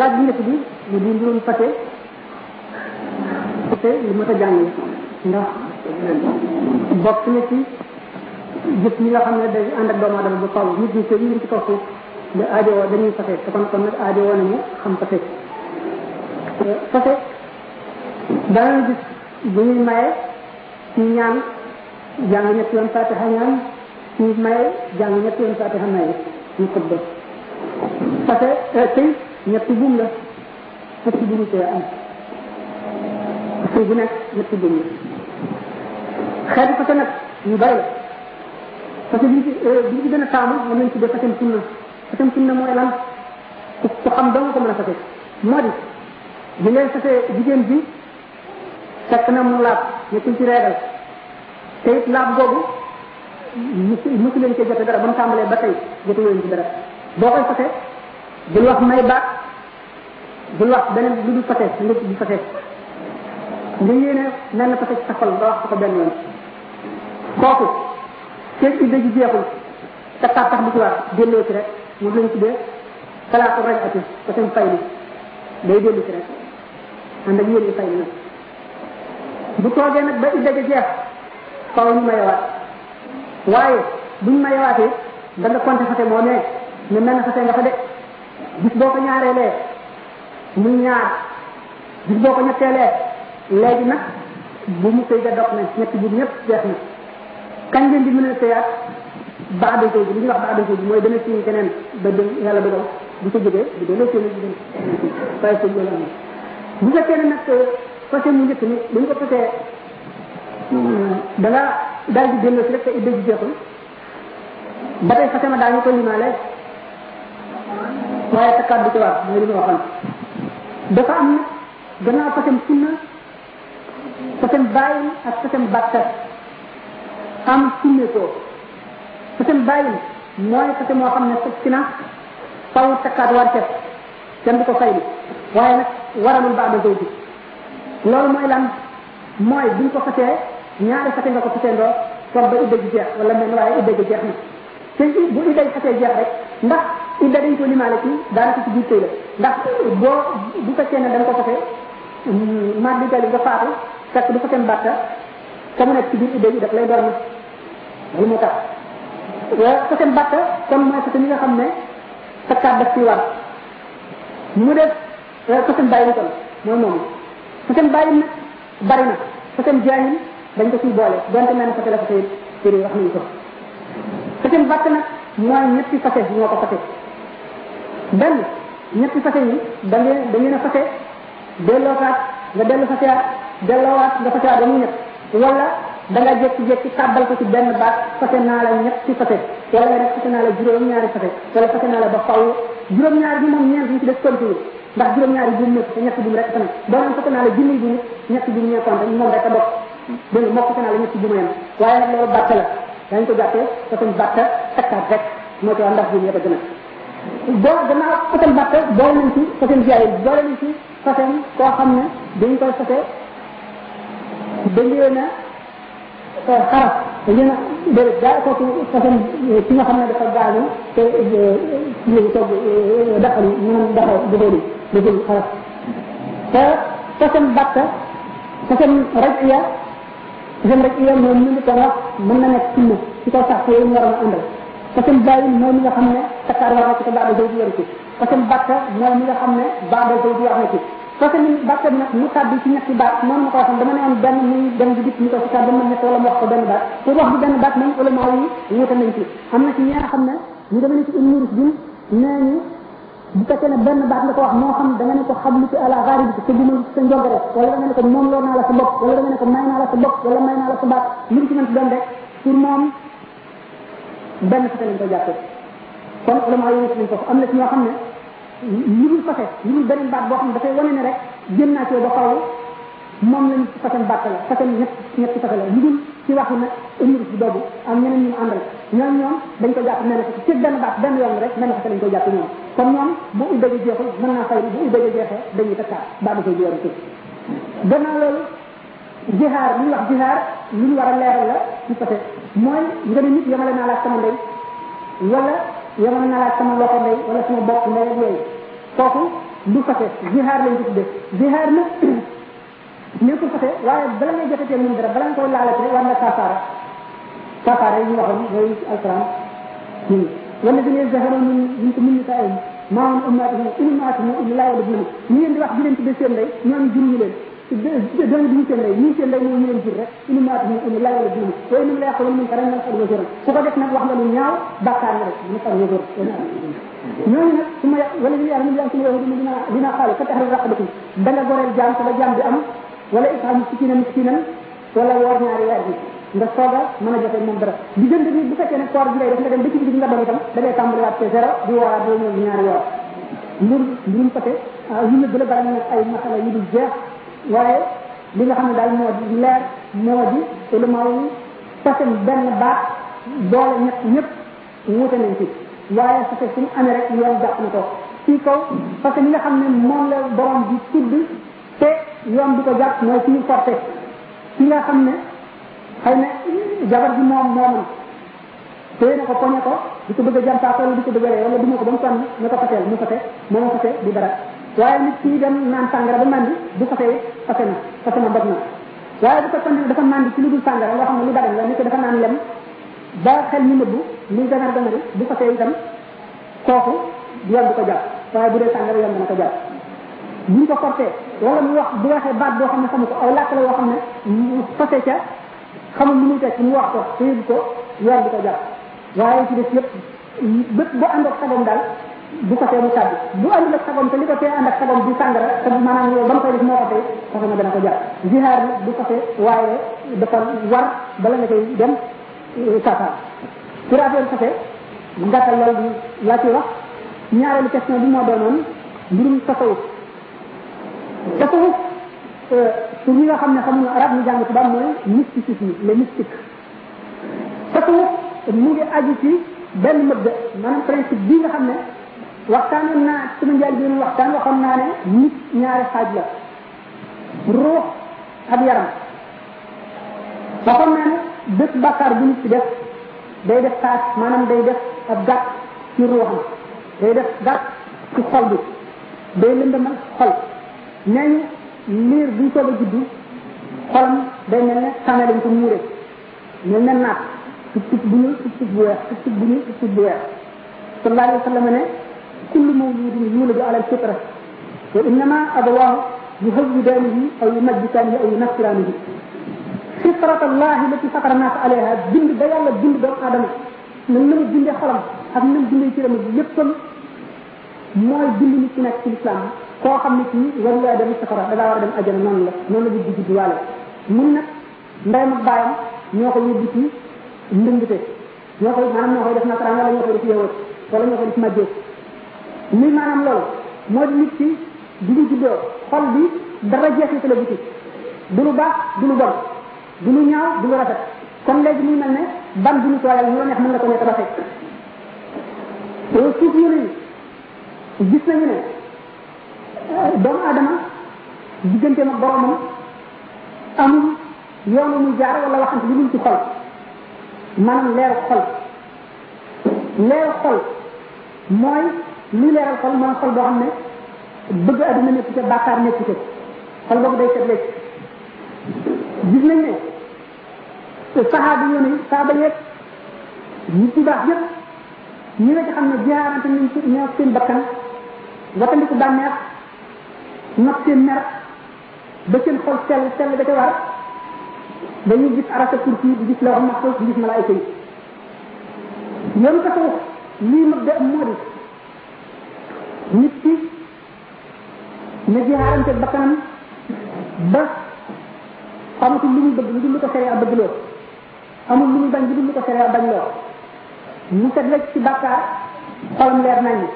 laaj bi nekk bi ñu di ñu passé te lu ma ta jàng ndax bokk na ci jëf yi nga xam ne day ànd ak doomu aadama bu kaw nit ñi seen ñu ci kaw suuf da aajowoo dañuy fase te kon kon nag aajowoo nañu xam fase fase danañu gis bu ñuy maye ci ñaan jàng ñett yoon fatiha ñaan ci maye jàng ñett yoon fatiha maye ñu xutba fase eh, tey ñetti buum la ñetti buum tee am sëy bu nekk ñetti buum la xeetu fase nag ñu bari la parce que bi ñu ci eh, bi ñu ci gën a taamu moom itam sunna mooy lan ku ku xam dong ko mën a fase moo di bi ngay fasee jigéen bi fekk na mu laab nekkul ci reegal te it laab googu su leen ci jote dara ba mu tàmbalee ba tey jote leen ci dara boo koy fase bul wax may baat bul wax beneen lu dul fase nga du fase nga yéene mel na fase ci sa xol nga wax ko benn yoon kooku seet idda ji jeexul sa tax tax bu ci war génnoo ci rek moom lañ tuddee salaatu rajati te seen fay na day dellu si rek ànd ak yéen fay na nag bu toogee nag ba idda ja jeex faw ñu mayewaat waaye buñ mayewaatee da nga compter fate moo ne ne mel na fate nga fa de gis boo ko ñaareelee muy ñaar gis boo ko ñetteelee léegi nag bu mu sëy ga dox na ñetti bu ñëpp jeex na kañ ngeen di mën a sëyaat baade jooju li ñu wax baade jooju mooy dana ci keneen ba dem yàlla dogal bu ko jógee bu delloo seen bu dem waaye sëñ loolu am bu fekkee ne nag fase mu njëkk ni bu ñu ko fasee da nga daal di delloo si rek te idda ji jeexul ba tey fase ma daañu ko limaale waaye takkaat bi ci war mooy li ma waxoon dafa am nag gannaaw fasem sunna fasem bàyyi ak fasem bàttat am sunne koo fasem bàyyil mooy fase moo xam ne fas si na faw takkaat war cef kenn du ko fay bi waaye nag waralul baada zow bi loolu mooy lan mooy buñ ko fasee ñaari fase nga ko fasee ndoo kon ba idda ji jeex wala mel waaye idda ji jeex na te bu idda ndax idda dañ ko limaale ci daanaka ci biir ndax boo bu fekkee ne da nga ko fase mm, maat bi nga faatu fekk du fa seen bàtta ka mu nekk ci biir idda ji daf lay doon loolu mu tax sa seen bàkka kon mooy sa ñi nga xam sa kàdda ci war mu def sa seen bàyyi kon mooy noonu sa seen bàyyi nag bari na sa seen jaahil dañ ko ciy boole donte naa ne fase la fase wax nañ ko sa seen bàkk nag mooy ñetti ñoo ko yi da da nga nga ba mu wala da nga jekki jekki tàbbal ko ci benn baat fase naa la ci fase wala nga def fase naa la juróom-ñaari fase wala fase naa la ba faw juróom-ñaari bi moom ñeent ñu ci def kontu ndax juróom-ñaari bu nekk te ñett bu rek tan boo naan fase naa la junni bi nit ñett bi ñeekoon rek moom rek a bokk dégg moo fase naa la ñetti bu mu yem waaye nag loolu bàtte la dañ ko jàppee fasen bàtte takkaat rek moo ci waa ndax bi ñëpp a gën a boo gannaaw bàtte boole nañ ci fasen jaay boole nañ ci fasen koo xam ne dañ koy fase dañ leen a xar yéen déedéet daal kooku façon ki nga xam ne dafa gaalu te ñu togg daxal mënam daxal bu dóori lu dul xar te façon bàtta façon rajiya façon rajiya moom ñu ko wax mën na nekk sunna ci kaw sax yooyu waroon a àndal façon bàyyi mooy mi nga xam ne takkaar war na ci te baada jawdi war ci façon bàtta mooy mi nga xam ne baada jawdi wax na ci soo ni bàkkaar nag mu tàbbi ci ñetti baat noonu ma ko waxoon dama ne am benn muy dem di dikk ñu ko si tàbbi ma ñett wala mu wax ko benn baat te wax bi benn baat même ulama yi wuute nañ ci am na ci ñi nga xam ne ñu dama ne ci ibn rus bin nee ñu bu fekkee ne benn baat nga ko wax moo xam da nga ne ko xablu ci ala xaari bi te bu ma sa njog rek wala da nga ne ko moom loo naa la sa bopp wala da nga ne ko may naa la sa bopp wala may naa la sa baat li mu ci mën ci doon rek pour moom benn ci lañ koy jàppee kon ulama yi wuute nañ ko am na ci ñoo xam ne lu dul fase lu dul beneen baat boo xam ne dafay wane ne rek jëm naa cee ba xaw moom lañ façon baat la façon ñett ñetti façon la lu dul ci waxu na umur si boobu am ñeneen ñu mu àndal ñoom dañ ko jàpp mel ci benn baat benn yoon rek mel fase lañ ko jàpp ñoom comme ñoom bu ubbe ji jeexul mën naa fay bu ubbe ji jeexee dañuy takkaat baa da koy jiwéru ci gannaaw loolu jihaar lu ñu wax jihaar lu ñu war a leeral la ci fase mooy nga ne nit yamale naa la sama ndey wala yemoon na laaj sama loxo ndey wala sama bopp ndey ak yooyu kooku du fase zihaar lañ ko tuddee zihaar nag nekkul fase waaye bala ngay jotatee moom dara bala nga ko laalati rek war na kafaara kafaara yi ñu waxoon yooyu ci alquran ñun wala bi ne zaharoon ñun ñu ko mun saa yi maa ngi ummaatuhum ummaatuhum illaa wala bu ñu leen di wax di leen tuddee seen ndey ñoom jur ñu leen dong duñu seen ndey ñii seen ndey mooy ñu leen jur rek unu maatu ñu unu lawala diini wooyu nu mu lay xawoon min xaram nas al wajuran ku ko def nag wax nga lu ñaaw bàkkaar nga rek nas al wajur ñooñu nag su ma wala ñu yaram ñu am suñu wax dina dina dina xaalu fa taxal raqabati da nga goreel jaam sa bi am wala isaam miskina miskinan wala woor ñaari weer bi nga sooga mën a joxe moom dara di gën tamit bu fekkee ne koor bi ngay def nga dem ba ci biir nga doon itam di wooraa doo ñëw ñaari weer mbir mbirum côté ñu ne bële bari waaye li nga xam ne daal moo di leer moo di ulamaaw yi fasam benn baat boole ñëpp wuute nañ ci waaye su fekkee suñu amee rek yoon jàpp na ko ci kaw parce que li nga xam ne moom la borom bi tudd te yoon bi ko jàpp mooy suñu forte ki nga xam ne xëy na jabar ji moom moomam téye na ko poñe ko di ko bëgg a jàmpaatal di ko bëgg a ree wala duma ko ba mu sonn na ko fateel mu fate moo ma di dara waaye nit kii dem naan sàngara ba mandi bu fasee fase na fase na bëgg na waaye bu fekkoon dafa mandi ci lu dul sàngara loo xam ne lu dagan la nit ki dafa naan lem ba xel ñu nëbbu muy bu fasee itam kooku yomb ko jàpp waaye bu dee sàngara yomb na ko jàpp buñ ko forcé wala mu wax bu waxee baat boo xam ne xamu ko aw làkk la yoo xam ne mu ca xamul lu muy teg mu wax ko te yëg ko ko jàpp waaye ci des yëpp bépp bu daal bu ko tee mu sàdd bu àndul ak sagom te li ko tee ànd ak sagom di sàngara te maanaam yow ba mu koy def moo ko tee sagom dana ko jàpp zihaar nag du sofe waaye dafa war bala nga koy dem safar pour affaire sofe mu gàttal loolu bi laa ci wax ñaareelu question bi moo doonoon mbirum ñi nga xam ne arab ñu jàng tubaab mooy mysticisme le mystique tasawuf mu ngi aju ci benn mëbda maanaam principe bi nga xam ne waktu naa sama waktu biir waxtaan waxoon naa ne nit ñaari xaaj la ruux ak yaram waxoon naa ne bés bàkkaar bu nit def day def taas maanaam day def ab gàtt ci ruuxam day def gàtt ci xol bi day lëndëmal xol nee ñu liir buy soog a juddu xolam day mel ne tànne lañ ko muure mel ne naat bu ñuul bu weex bu weex sallallahu alayhi wa sallam ne كل موجود يولد على الفطرة وإنما أبواه يهودانه أو يمجدانه أو ينصرانه فطرة الله التي فطر الناس عليها جند بيالة جند دون آدم من من جند خرم أم من جند كرم يبطل ما جند نتنا في الإسلام كوخا مكي ولا آدم سفرة لا ورد أجل نون لك نون لك جدي جوالة من نك نعم بايم نوخ يبطي من بطي نوخ يبطي نوخ يبطي نوخ يبطي نوخ يبطي نوخ يبطي نوخ يبطي muy maanaam loolu moo di nit di ñu juddoo xol bi dara jeexitale bu ci du lu baax du lu bon du lu ñaaw du lu rafet kon léegi muy mel ne ban du ñu tooyal ñu neex mën nga ko ne tabaxee suuf yu gis nañu ne euh, doomu aadama digganteem ak boromam amul yoonu muy jaar wala waxante li mu ci xol maanaam leeru xol leeru xol mooy lii leeral xol mooy xol boo xam ne bëgg adduna nekk ca bàkkaar nekk ca xol boobu day set léegi gis nañ ne saxaaba yoonu saaba yeeg nit yëpp ñi nga ci xam ne jaarante nañ ci ñoo seen bakkan watandiku bànneex not seen mer ba seen xol sell sell da ca war dañuy gis arasa kursi di gis lawhul mahfuz di gis malaayika yi yoonu tasawuf lii mag de moo di nit ki na jihaarante bakkanam ba amatul lu muy bëgg lu dul lu ko sariya bëgg loo amul lu muy bañ lu dul lu ko sariya mu set rek ci bàkkaar xolam leer nañu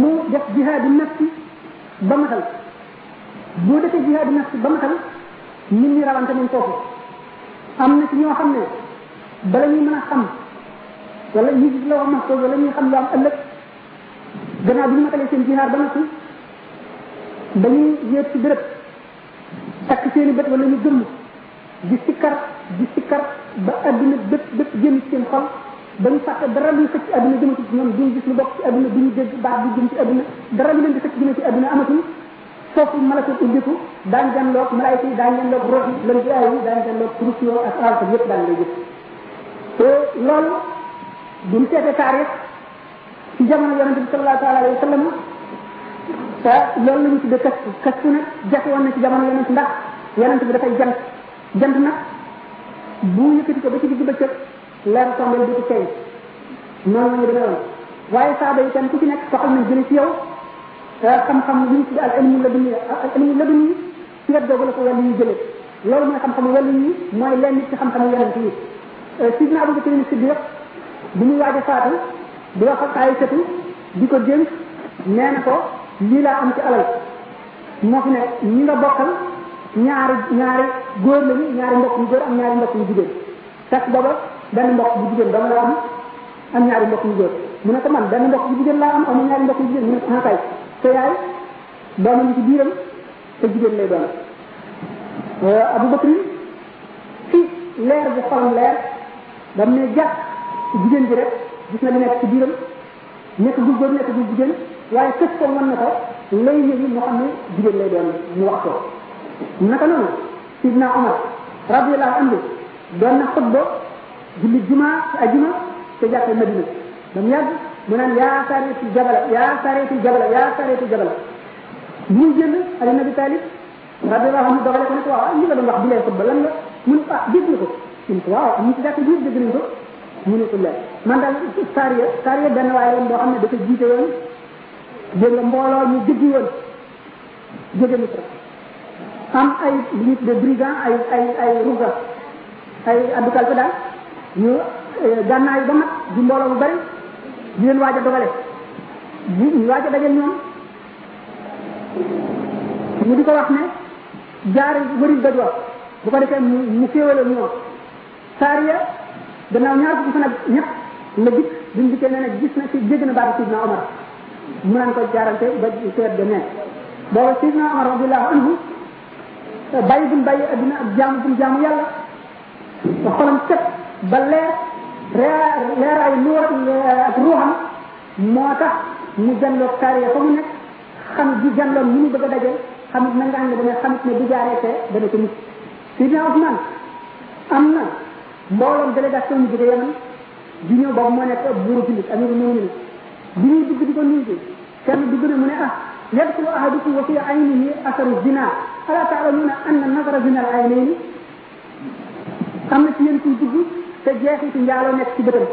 mu def jihaadu nafsi ba matal boo defee jihaadu nafsi ba matal nit ñi rawante nañ foofu am na ci ñoo xam ne bala ñuy mën a xam wala ñu gis la wax ma wala ñuy xam lu am ëllëg gannaaw bi ñu matalee seen jihaar ba noppi dañuy yéeg ci béréb takk seen i bët wala ñu gëmm di sikkar di sikkar ba adduna bépp bépp jëm ci seen xol ba ñu fàtte dara luy xëcc adduna jëmatu ci ñoom duñ gis lu bokk ci adduna bi jëm ci adduna dara lu leen di xëcc jëme ci adduna amatuñ foofu malakat ubbiku daañ gan loog malaayka yi daañ gan loog rox yi lan bi aay yi daañ gan loog kurus yoo ak alfa yëpp daan lay gis te loolu buñ seetee taarix ci jamono yonente bi sallallahu taala alayhi wa sallam la ñu tudde këstu këstu nag jafe woon na ci jamono yonente ndax yonente bi dafay jant jant nag bu yëkkati ko ba ci digg bëccëg leer la di ci tey noonu la ñu demee woon waaye saaba yi kenn ku ci nekk soxal nañ jële ci yow xam-xam li ñu tudde al ilmu laduni al ilmu laduni ci wet googu la ko wàllu yi ba loolu mooy xam-xamu wàllu yi mooy lenn ci xam-xamu yonente yi sidna Abu Bakr Siddiq bi muy waaj a faatu di wax ak Aysatu di ko jéem nee na ko lii laa am ci alal moo fi ne ñi nga bokkal ñaari ñaari góor lañu ñaari mbokk yu góor am ñaari mbokk yu jigéen tas booba benn mbokk bu jigéen dama la am am ñaari mbokk yu góor mu ne sa man benn mbokk bu jigéen laa am am ñaari mbokk yu jigéen mu ne ko ah kay te yaay doomam ngi ci biiram te jigéen lay doon euh, Abubakar fii leer bu xolam leer dam ne jàpp jigéen ji rek gis na li nekk ci biiram nekk gu góor nekk gu jigéen waaye képp ko mën na ko lay léegi moo xam ne jigéen lay doon mu wax ko naka noonu sidna Omar radiyallahu anhu doon na xutba julli jumaa ci ajuma te jàppe Madina ba mu yàgg mu naan yaa sareetu jabala yaa sareetu jabala yaa sareetu jabala bu muy génn Ali nabi Talib radiyallahu anhu dogale ko ne ko waaw li nga doon wax bi lay xutba lan la mun ah dégg na ko mun ko waaw ñu ci jàppe biir dégg nañ ko mu ne ko la benn waaye woon boo xam ne dafa jiite woon dégg nga mbooloo ñu jëggi woon jóge Misra am ay nit de brigand ay ay ay ay abdukal ko daal ñu eh, ba mat di mbooloo bu bari di leen waaj a dogale ñu waaj dajal ñoom ñu di ko wax ne jaar wëri doj wax bu ko defee mu mu féewale ñoom saar gannaaw ñaar fukki fan ak ñett la dikk bi mu dikkee nee gis na ci jégg na baatu sidna omar mu naan ko jaarante ba teet de ne booba sidna omar radiallahu anhu bàyyi bu bàyyi adduna ak jaamu bu jaamu yàlla ba xolam set ba leer leeraayu nuur ak ruuxam moo tax mu janloo taariya fa mu nekk xam ji janloo mu ñu bëgg a dajal xamit na nga ànd bu ne xamit ne bu jaaree te dana ko nit sidna Ousmane am na mbolam delegation ñu jóge yaman di ñëw boobu mo nekk buuru jullit ñëw muminin bi ñu dugg di ko nuyu kenn dugg ne mu ne ah yadkulu ahadukum wa fi aynihi atharu zina ala ta'lamuna anna nazara zina al aynayn am na ci yeen ci dugg te jeexitu ndialo nekk ci bëtam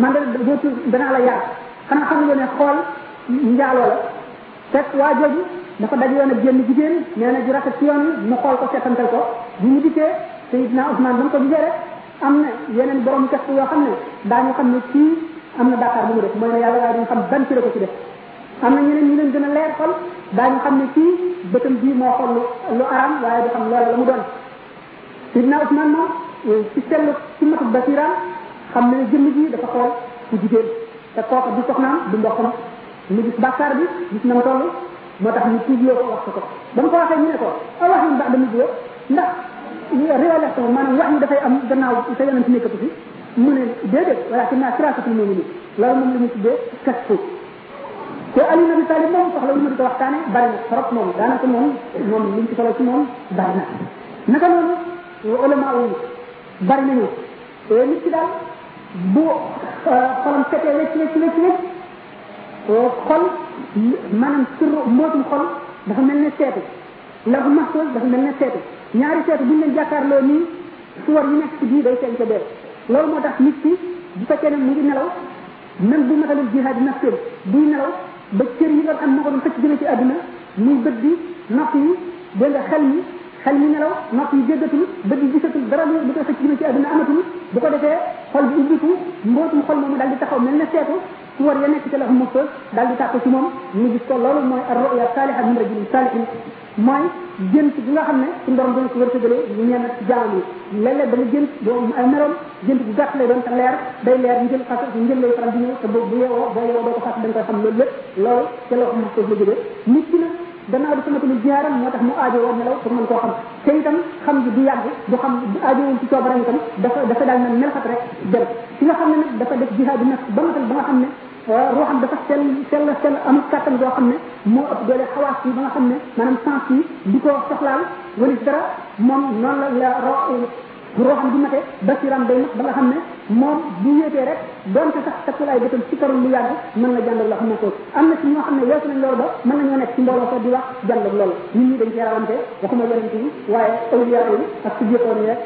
man da jottu dana la yaa xana xam nga ne xol ndialo la tek wa jooju dafa dajé yoon ak jenn jigéen ju rafet ci yoon mu xol ko setantal ko bu mu dikkee Seydina Ousmane ba mu ko gisee rek am na yeneen borom kest yoo xam ne daañu xam ne kii am na bàkkaar bu mu def mooy ne yàlla waaye duñu xam ban ci la ci def am na ñeneen ñu leen gën a leer xol daañu xam ne kii bëtam bii moo xool lu aram waaye du xam loola la mu doon Seydina Ousmane moom ci sellu ci matub basiram xam ne jëmm ji dafa xool ku jigéen te kooka du soxnaam du mbokkam mu gis bàkkaar bi gis na mu toll moo tax ñu tuubloo ko wax ko ba ko waxee ñu ne ko awax révélation maanaam wax ñu dafay am gannaaw sa yonent nekkatu fi mu ne déedéet wala ci naa siraatul muminin loolu moom la ñu tuddee kasfu te ali nabi talib moom soxla lu ma di ko waxtaane bari na trop moom daanaka moom moom liñ ci solo ci moom bari na naka noonu ulama yi bari nañu nit ki daal bu xolam setee wecc wecc wecc wecc xol maanaam sur mootum xol dafa mel ne seetu ndax maxtool dafa mel ne seetu ñaari seetu buñ leen jàkkaarloo nii suwar yi nekk ci bii day seen ca bee loolu moo tax nit ki bu fekkee ne mu ngi nelaw même bu matalul jihaad nafsir buy nelaw ba cër yi doon am na ko doon fëcc jëme ci àdduna muy bët bi nopp yi dégg nga xel mi xel mi nelaw nopp yi jéggatul bët yi gisatul dara lu ko fëcc jëme ci àdduna amatul bu ko defee xol bi ubbiku mbootum xol moomu daal di taxaw mel ne seetu suwar ya nekk ci la xam mu daal di tàpp ci moom ñu gis ko loolu mooy ar ruya saaliha min rajulin saalihin mooy gént bi nga xam ne suñu borom dana ko wërsëgalee ñenn jaam yi léeg-léeg dana gént boobu ay meroom gént bu gàtt lay doon te leer day leer njël fas njël lay faral di ñëw te boobu bu yeewoo boo yeewoo doo ko fàtte da nga koy xam loolu lépp ne foofu la jógee nit ki nag gannaaw di samata lu jaaram moo tax mu aajo woon nelaw pour mën koo xam te itam xam ji du yàgg du xam aajo woon ci coobaram itam dafa dafa daal na melxat rek dem ki nga xam ne nag dafa def jihaad bi nag ba matal ba xam ne ruuxam dafa sell sell sell amul kàttan boo xam ne moo ëpp doole xawaas yi ba nga xam ne maanaam sens yi di ko soxlaal wala dara moom noonu la la ro di mate basiram day mat ba nga xam ne moom bu wéetee rek donte sax takkulaay bëtam si karul lu yàgg mën na jàndal loo xam ne kooku na ñoo xam ne weesu nañ loolu ba mën nañoo nekk ci mbooloo ko di wax jàndal loolu nit ñi dañ cee rawante waxuma yonent yi waaye awliya yi ak si jëkkoon yi rek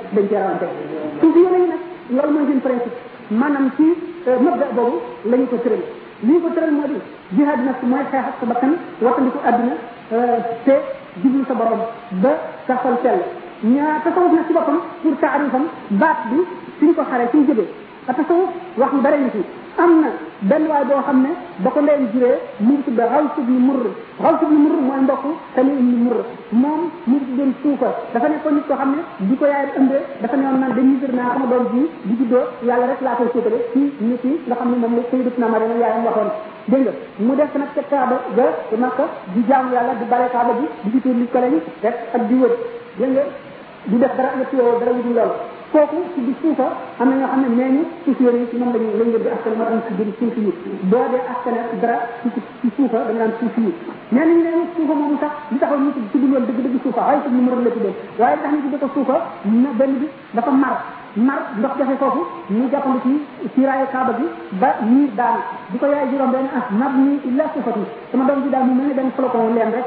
dañ cee manam ci mabda bobu lañ ko tëral li ko tëral moo jihad nak moy xex ak sa bakkan wattandiku aduna te djiblu sa borom ba taxal tel nya ta taw nag ci bakkan pour taarifam bat bi suñ ko xare suñ jëbee tasawuf wax yu bare ni ci am na benn waay boo xam ne ba ko ndeyam juree mu ngi tudd Raws ibn Murr Raws ibn Murr mooy mbokk Tami ibn Murr moom mu ngi tuddoon Suufa dafa nekkoon nit koo xam ne di ko yaayam ëmbee dafa ne woon naan dañuy jur naa sama doom ji di juddoo yàlla rek laa koy suutale ci nit yi nga xam ne moom la Sayyidatuna Maryam yaayam waxoon dégg mu def nag Kaaba ga di Makka di jaamu yàlla di bare Kaaba bi di ci tuur li ko lañ rek ak di wër dégg nga di def dara nga tuyoo dara wutul loolu kooku si bi suufa am na ñoo xam ne nee ni suuf yore yi si moom lañ lañ di askan moo am si sax li taxoon ñu si dul woon dëgg dëgg suufa waaye su numéro la tuddee waaye tax ñu tuddee ko suufa na benn bi dafa mar mar ndox jafe foofu ñu jàppandi ci siiraayu kaaba bi ba ñii daal di ko yaay juróom benn as nab ni illa suufati sama doom ji daal mu mel ne benn flocon leen rek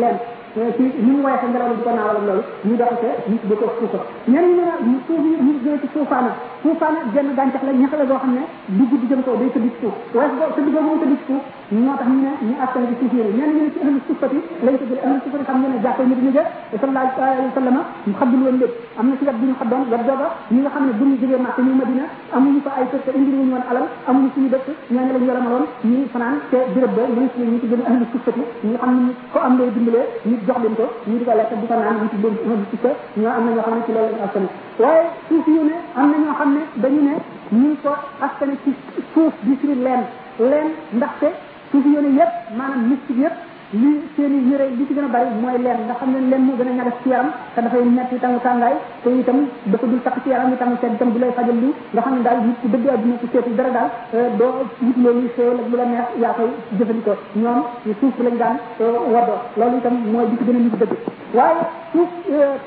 leen Eh, ci ni mu woyatee ngelaw li di ko naawal loolu ñu dox ko nit ba ko suufa ñenn ñi ne nag suuf yi ñu gën ci suufaana suufaan genn gàncax la ñax la boo xam ne lu gudd jëm kaw day tëdd ci suuf waaye boo tëdd boobu mu tëdd ci suuf moo tax ñu ne ñu askan bi suuf yéene ñenn ñu ne ci ahlu suufati lañ ko jëlee ahlu suufati xam ngeen ne jàppee ñu di ñu jël sallallahu alayhi wa sallam mu xaddul woon lépp am na ci wet bu ñu xaddoon wet booba ñi nga xam ne bu ñu jógee Màkka ñu Madina amuñu fa ay kër te indi wuñu woon alal amuñu suñu dëkk ñoo ne lañ yoramaloon ñuy fanaan te béréb ba ñu ci ñu ci gën ahlu suufati ñi xam ne ko am lay dimbalee ñu jox leen ko ñu di ko lekk di ko naan ñu ci gën ahlu suufati ñoo am na ñoo xam ne ci loolu lañ askan waaye suuf yu ne am na ñoo xam xam ne dañu ne ñu ngi ko askane ci suuf bi firi leen leen ndaxte suuf yone yëpp maanaam mystique yëpp li seen i yére li a bari mooy leen nga xam leen moo gën a a ci yaram te dafay metti itam tàngaay te itam dafa dul sax ci yaram itam te itam bu lay fajal li nga xam ne daal nit ci dëgg àdduna ci seetu dara daal euh, doo nit loolu xéewal ak lu la neex yaa koy jëfandikoo ñoom suuf lañ daan euh, waddoo loolu itam mooy li ci gën a nit dëgg waaye suuf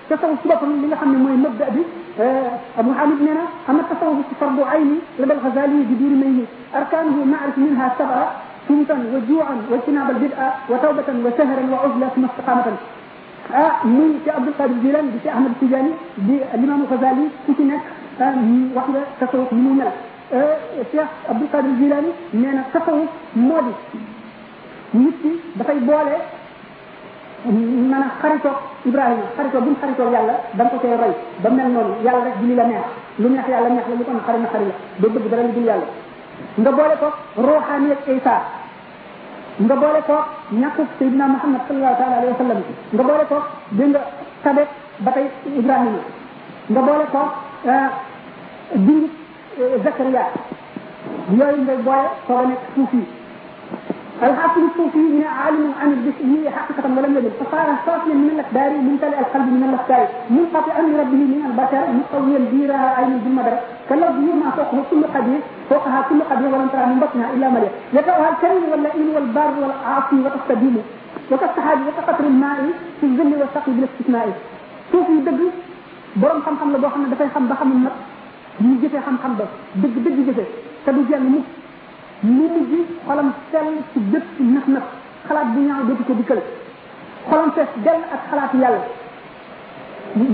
tasawuf euh, ci boppam li nga xam ne mooy mëbda bi آه، أبو حامد نرى أما التصوف في فرض عين لدى الغزالي بدون ميمي أركانه نعرف منها سبعة سمتا وجوعا واجتناب البدء وتوبة وسهرا وعزلة ثم استقامة آه، من عبد القادر الجيلاني بشي أحمد التجاني الإمام الغزالي كتنك آه، واحدة تصوف من الشيخ عبد القادر الجيلاني من التصوف مودي نيتي دا فاي بوله mën a xaritoog Ibrahima xaritoog bu mu xaritoog yàlla da koy roy ba mel noonu yàlla rek julli la neex lu neex yàlla neex la lu ko na xari na xari la doo bëgg dara lu dul yàlla nga boole ko ruuxaani ak Isa nga boole ko ñàkkub Seydina Muhammad sallallahu taala alayhi wa sallam nga boole ko nga ba tey Ibrahima nga boole ko dindi ah, eh, Zakariya yooyu ngay boole soo ko nekk suuf الحاكم الصوفي من عالم عن هي حقيقة ولم يدل فصار صافيا من الأكبار ممتلئ القلب من الأفكار منقطعا من ربه من البشر مستويا ديرها عين بالمدر كالذي يرمى فوقه كل قدير فوقها كل قدير ولم ترى من بطنها إلا مليء يقرأها الكريم واللئيم والبار والعاصي وتستديم وكالسحاب وكقطر الماء في الظل والسقي بالاستثناء صوفي دق borom xam-xam la boo xam ne dafay xam ñu jëfee xam-xam ba dëgg dëgg te du mukk mu mujj xolam sell ci bépp nax nax xalaat bu ñaaw dootu ko dikkal xolam fees dell ak xalaatu yàlla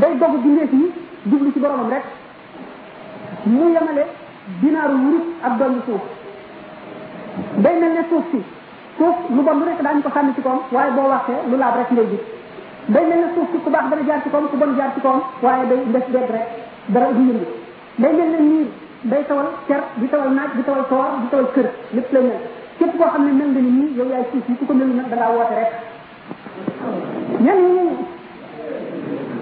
day dogg bindeef yi jublu ci boromam rek mu yemale dinaaru wurus ak doomu suuf day mel ne suuf si suuf lu bon lu nekk daañu ko sànni ci koom waaye boo waxee lu laab rek ngay gis day mel ne suuf si ku baax dana jaar ci koom ku bon jaar ci koom waaye day ndes dégg rek dara du yëngu day mel ne niir day tawal cer di tawal naaj di tawal toor di tawal kër lépp lay képp koo xam ne mel nga ni nii yow yaay suuf yi ko melu nag da ngaa woote rek ñen ñi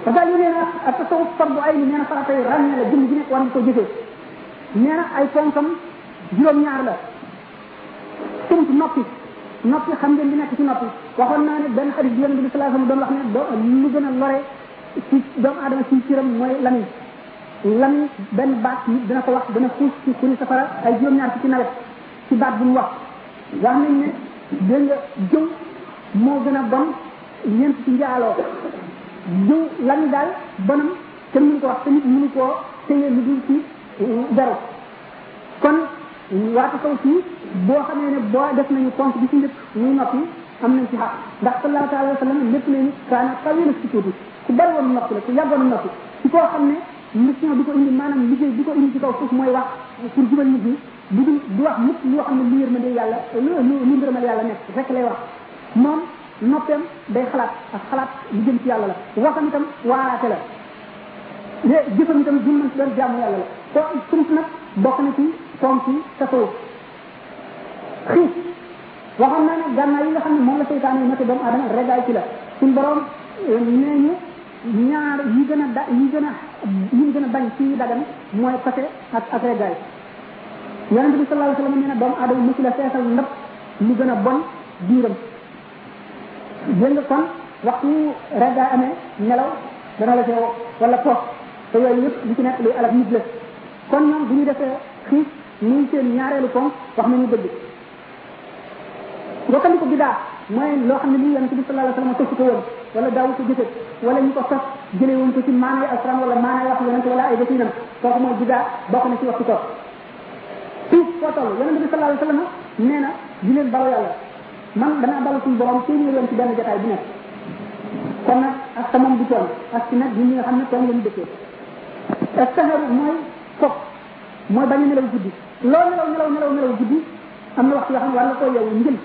parce que nee na ak ay ni nee na farata yi ràññee la jëmm ji nekk war nga ko jëfee na ay fonkam juróom-ñaar la tumt noppi noppi xam ngeen di nekk ci noppi waxoon naa ne benn xarit bi yonente bi sallallahu alayhi wasallam doon wax ne do lu gën a lore ci doomu aadama ci ciram mooy lamiñ lan benn baat nit dina ko wax dana xuus ci kuri safara ay juróom-ñaar ci nawet ci baat bu mu wax wax nañ ne dégg nga moo gën a bon ñeent ci njaaloo jëw lan daal bonam te mënu ko wax te nit mënu koo téye lu dul ci eh, dara kon waata kaw fii boo xamee ne boo def nañu compte bi ci njëkk muy noppi am nañ ci xaq ndax sallallahu alayhi wa sallam lépp nañu kaana xawee na si tuuti ku bari woon noppi la ku yàggoon noppi ci koo xam ne mission bi ko indi maanaam liggéey bi ko indi ci kaw suuf mooy wax pour jubal nit ñi bu dul wax mukk loo xam ne lu yërmande yàlla lu lu ngërëmal yàlla nekk rek lay wax xalaat ak xalaat ci yàlla la waxam itam waaraate la lé jëfam itam jum man si jaamu yàlla la ko sump nag bokk na ci foom ci tasawuf xiif waxoon naa ne gànnaar yi nga xam ne moom la seytaane yi mata doomu aadama regaay ci la suñ borom eh, nee ñu ñaar yi gën a da yi gën a yi gën a bañ ci dagan mooy côté ak ak reggaay yonente bi sallallahu alayhi wa sallam nee na doomu aadama musu la feesal ndab lu gën a bon biiram dégg nga kon waxtu reggaay amee nelaw dana la cee wala poos te yooyu yëpp li ci nekk luy alal nit kon ñoom du ñu defee xiif muy seen ñaareelu ponk wax nañu dëgg wakkandi ko biddaa mooy loo xam ne lii yonente bi sallallahu alayhi wa sallam ko woon wala daawu ci jëfëk wala ñu ko sax jëlé woon ko ci maanay alquran wala maanay wax yonent wala ay bëtinam kooku mooy jidaa bokk na ci waxtu toog ci foo toll yonent bi sallallahu alayhi wasallam neena di leen balu yalla man dana balu suñu borom ci ñu leen ci benn jotaay bi nekk kon nak ak sa bu du ak ci nak ñi ñu xamne ko toon lañu dëkkee ak saharu moy fop mooy bañ a nelaw guddi lo nelaw nelaw nelaw nelaw guddi amna waxtu yo xamne ne war nga koo yow njël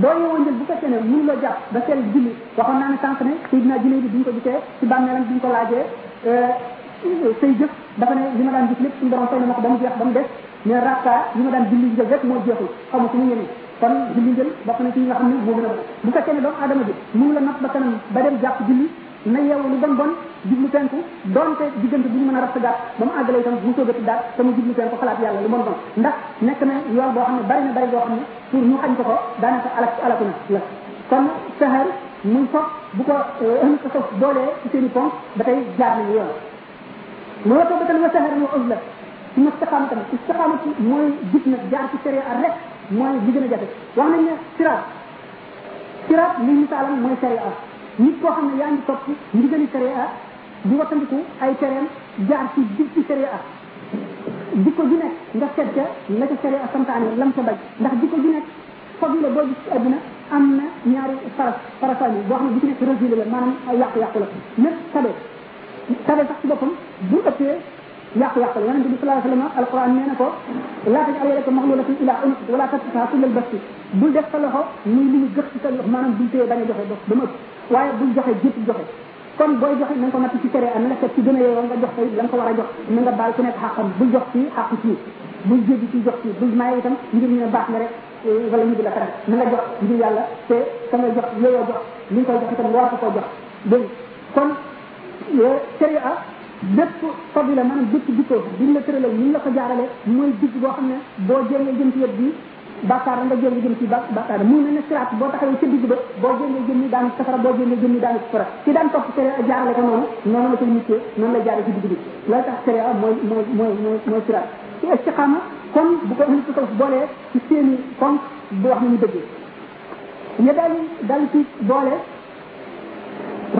boo yeewoo njël bu fekkee ne mënu la jàpp ba sell julli waxoon naa ne sànq ne Seydina Jilayli bi duñ ko gisee ci bàmmeelam duñ ko laajee euh, say jëf dafa ne li ma daan gis lépp suñu borom fay na ko ba mu jeex ba mu des mais rakka li ma daan julli njël rek moo jeexul xamu su mu ñëwee kon julli njël bokk na ci yi nga xam ne moo gën a bu fekkee ne doomu aadama bi mënu la natt ba kanam ba dem jàpp julli na yeewu lu bon bon jublu penku donte diggante bu ñu mën a ratt gàtt ba mu àggale itam mu sóobati daal te mu jublu penku xalaat yàlla lu bon bon ndax nekk na yoon boo xam ne bari na bari boo xam ne pour ñu xañ ko ko daanaka alak alaku na la kon sahar muy fof bu ko ënd ko fof boolee ci seen i ponk ba tey jaar nañu yoon loo toobatan wa sahar wa uzla ci ma istiqaama tamit istiqaama ci mooy jub nag jaar ci sariya rek mooy li gën a jafe wax nañ ne siraat siraat li misaalam mooy sariya nit koo xam ne yaa ngi topp ndigali sharia di wattandiku ay tereem jaar ci dig ci sharia jikko ju nekk nga seet ca la ca sharia santaane lam ca daj ndax jikko ju nekk foog la boo gis ci àdduna am na ñaari faras farasaan yi boo xam ne bu ci nekk résile la maanaam yàqu-yàqu la lépp sabe sabe sax ci boppam bu ëppee yàqu-yàqu la yonente bi salaa sallam alquran nee na ko laa taj alyadaka maxlulatin ila unuqik wala tattuha kullal basti bul def sa loxo muy li ñu gëx ci sa loxo maanaam bul téye bañ a joxe bopp ba mu ëpp waaye bul joxe jëpp joxe kon booy joxe na ko natt ci cere am na la ci gën a yow nga jox tey ko war a jox na nga baal ku nekk xàqam bul jox ci xàq ci bul jéggi ci jox ci bul maye itam ngir ñu ne baax eh, na nga yàlla te ka nga jox yooyoo jox li koy jox itam war ko koo jox dégg kon eh, cere a bépp fadila maanaam bépp dikkoo bi ñu la tëralee ni ñu la ko jaarale mooy digg boo xam ne boo jéemee jëm ci yëpp bi bakkar nga jël jëm ci bakkar mu ne sirat bo taxaw ci digg ba bo jëlee jëm daan safara bo jëlee jëm daan safara ci daan ci jaar la ko non non la ci nité non la jaar ci digg bi loolu tax tere mooy moy moy moy mooy sirat ci istiqama kon bu ko ñu ko boolee ci seeni kon bu wax ñu dëgg ñu dal dal ci boole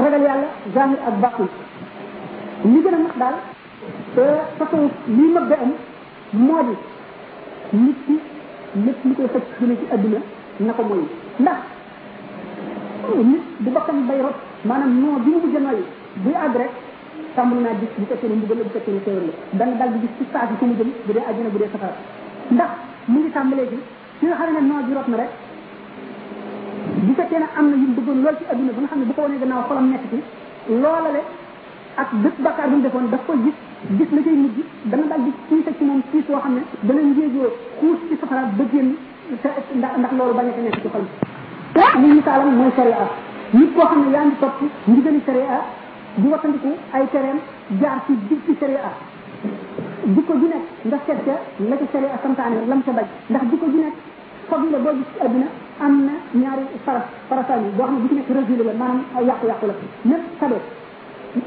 ragal yàlla jami ak bakku li gëna mak dal daal tax li mag da am moo nit ki lépp lu koy xëcc jëme ci adduna na ko moy ndax nit bu bakkan bay rot maanaam non bi mu mujj noy buy àgg rek tàmbali naa gis bu fekkee ne mbugal la bu fekkee ne xéewal la dal di gis ci saa si fu mu jëm bu dee bu dee safara ndax mu ngi tàmbalee gi ci nga xam ne non bi rot na rek bu fekkee ne am na yu bëggoon lool ci adduna ba nga xam ne bu ko wanee gannaaw xolam nekk ci loolale ak bépp bakkaar bi mu defoon daf koy gis gis la cay mujj dana daal di tiit ak ci moom tiit boo xam ne dana njéejoo xuus ci safara ba génn ndax ndax loolu bañ a nekk ci xol bi li misaalam mooy sharia nit koo xam ne yaa ngi topp ndigali sharia di wattandiku ay tereem jaar ci dig ci sharia jikko ju nekk nga seet ca la ca sharia santaane lam ca bañ ndax jikko ju nekk foog la boo gis ci àdduna am na ñaari faras farasaan yi boo xam ne bu ci nekk résumé la maanaam yàqu-yàqu la lépp sabe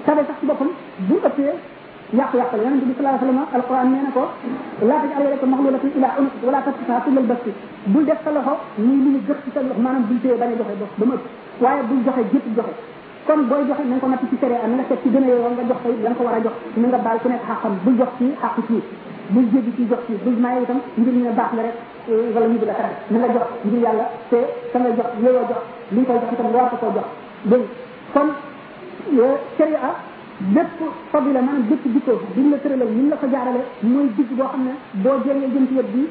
sabe sax ci boppam bu ëppee yàqu yàqal yonent bi sallallahu alayhi wa sallam alquran nee na ko laa taj al yadaka maxlulatan ila unuqik wala tabsutha kulla albasti bul def sa loxo muy lu ñu gëx ci sa loxo maanaam bul téye bañ a joxe bopp ba mu ëpp waaye bul joxe gépp joxe kon booy joxe na nga ko natt ci séré na nga seet ci gën a yow nga jox ko da nga ko war a jox na nga baal ku nekk xàqam bul jox ci xàq ci bul jéggi ci jox ci bul maye itam ngir ñu ne baax nga rek wala ñu di la taral na nga jox ngir yàlla te ka nga jox yoyoo jox li nga koy jox itam war ko koo jox dégg kon séré ah lépp fadila maanaam bépp jikko biñ la tëralal ñu la ko jaarale mooy digg boo xam ne boo jéngee jëm ci wet bi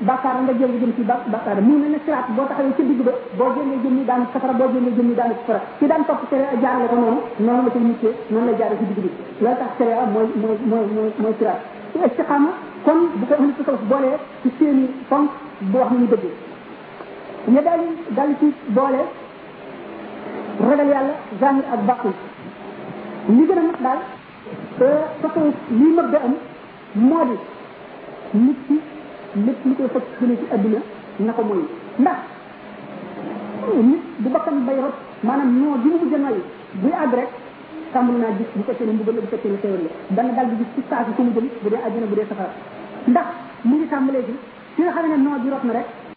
bàkkaar nga jéng jëm ci bàkkaar mu ne na siraat boo taxawee ci digg ba boo jéngee jëm ni daanu safara boo jéngee jëm ni daanu safara ci daan topp tere jaarale ko noonu noonu la koy muccee noonu la jaare ci digg bi loolu tax tere mooy mooy mooy mooy mooy siraat ci istiqaama kon bu ko ahlu tasawuf boolee ci seeni fonk bu wax nañu dëgg ñu yàlla zahir ak baqi li gën a mat daal façon lii mag da am moo di nit ki lépp li koy faj jëlee ci adduna na ko mooy ndax nit bu bakkan bay rot maanaam non bi mu mujj noyyi buy rek tàmbali naa gis bu fekkee ne mbugal la bu fekkee ne teewal la dana daal di gis ci saa si fu mu jëm bu dee àjjana bu dee safara ndax mu ngi tàmbalee ci fi nga xam ne bi rot na rek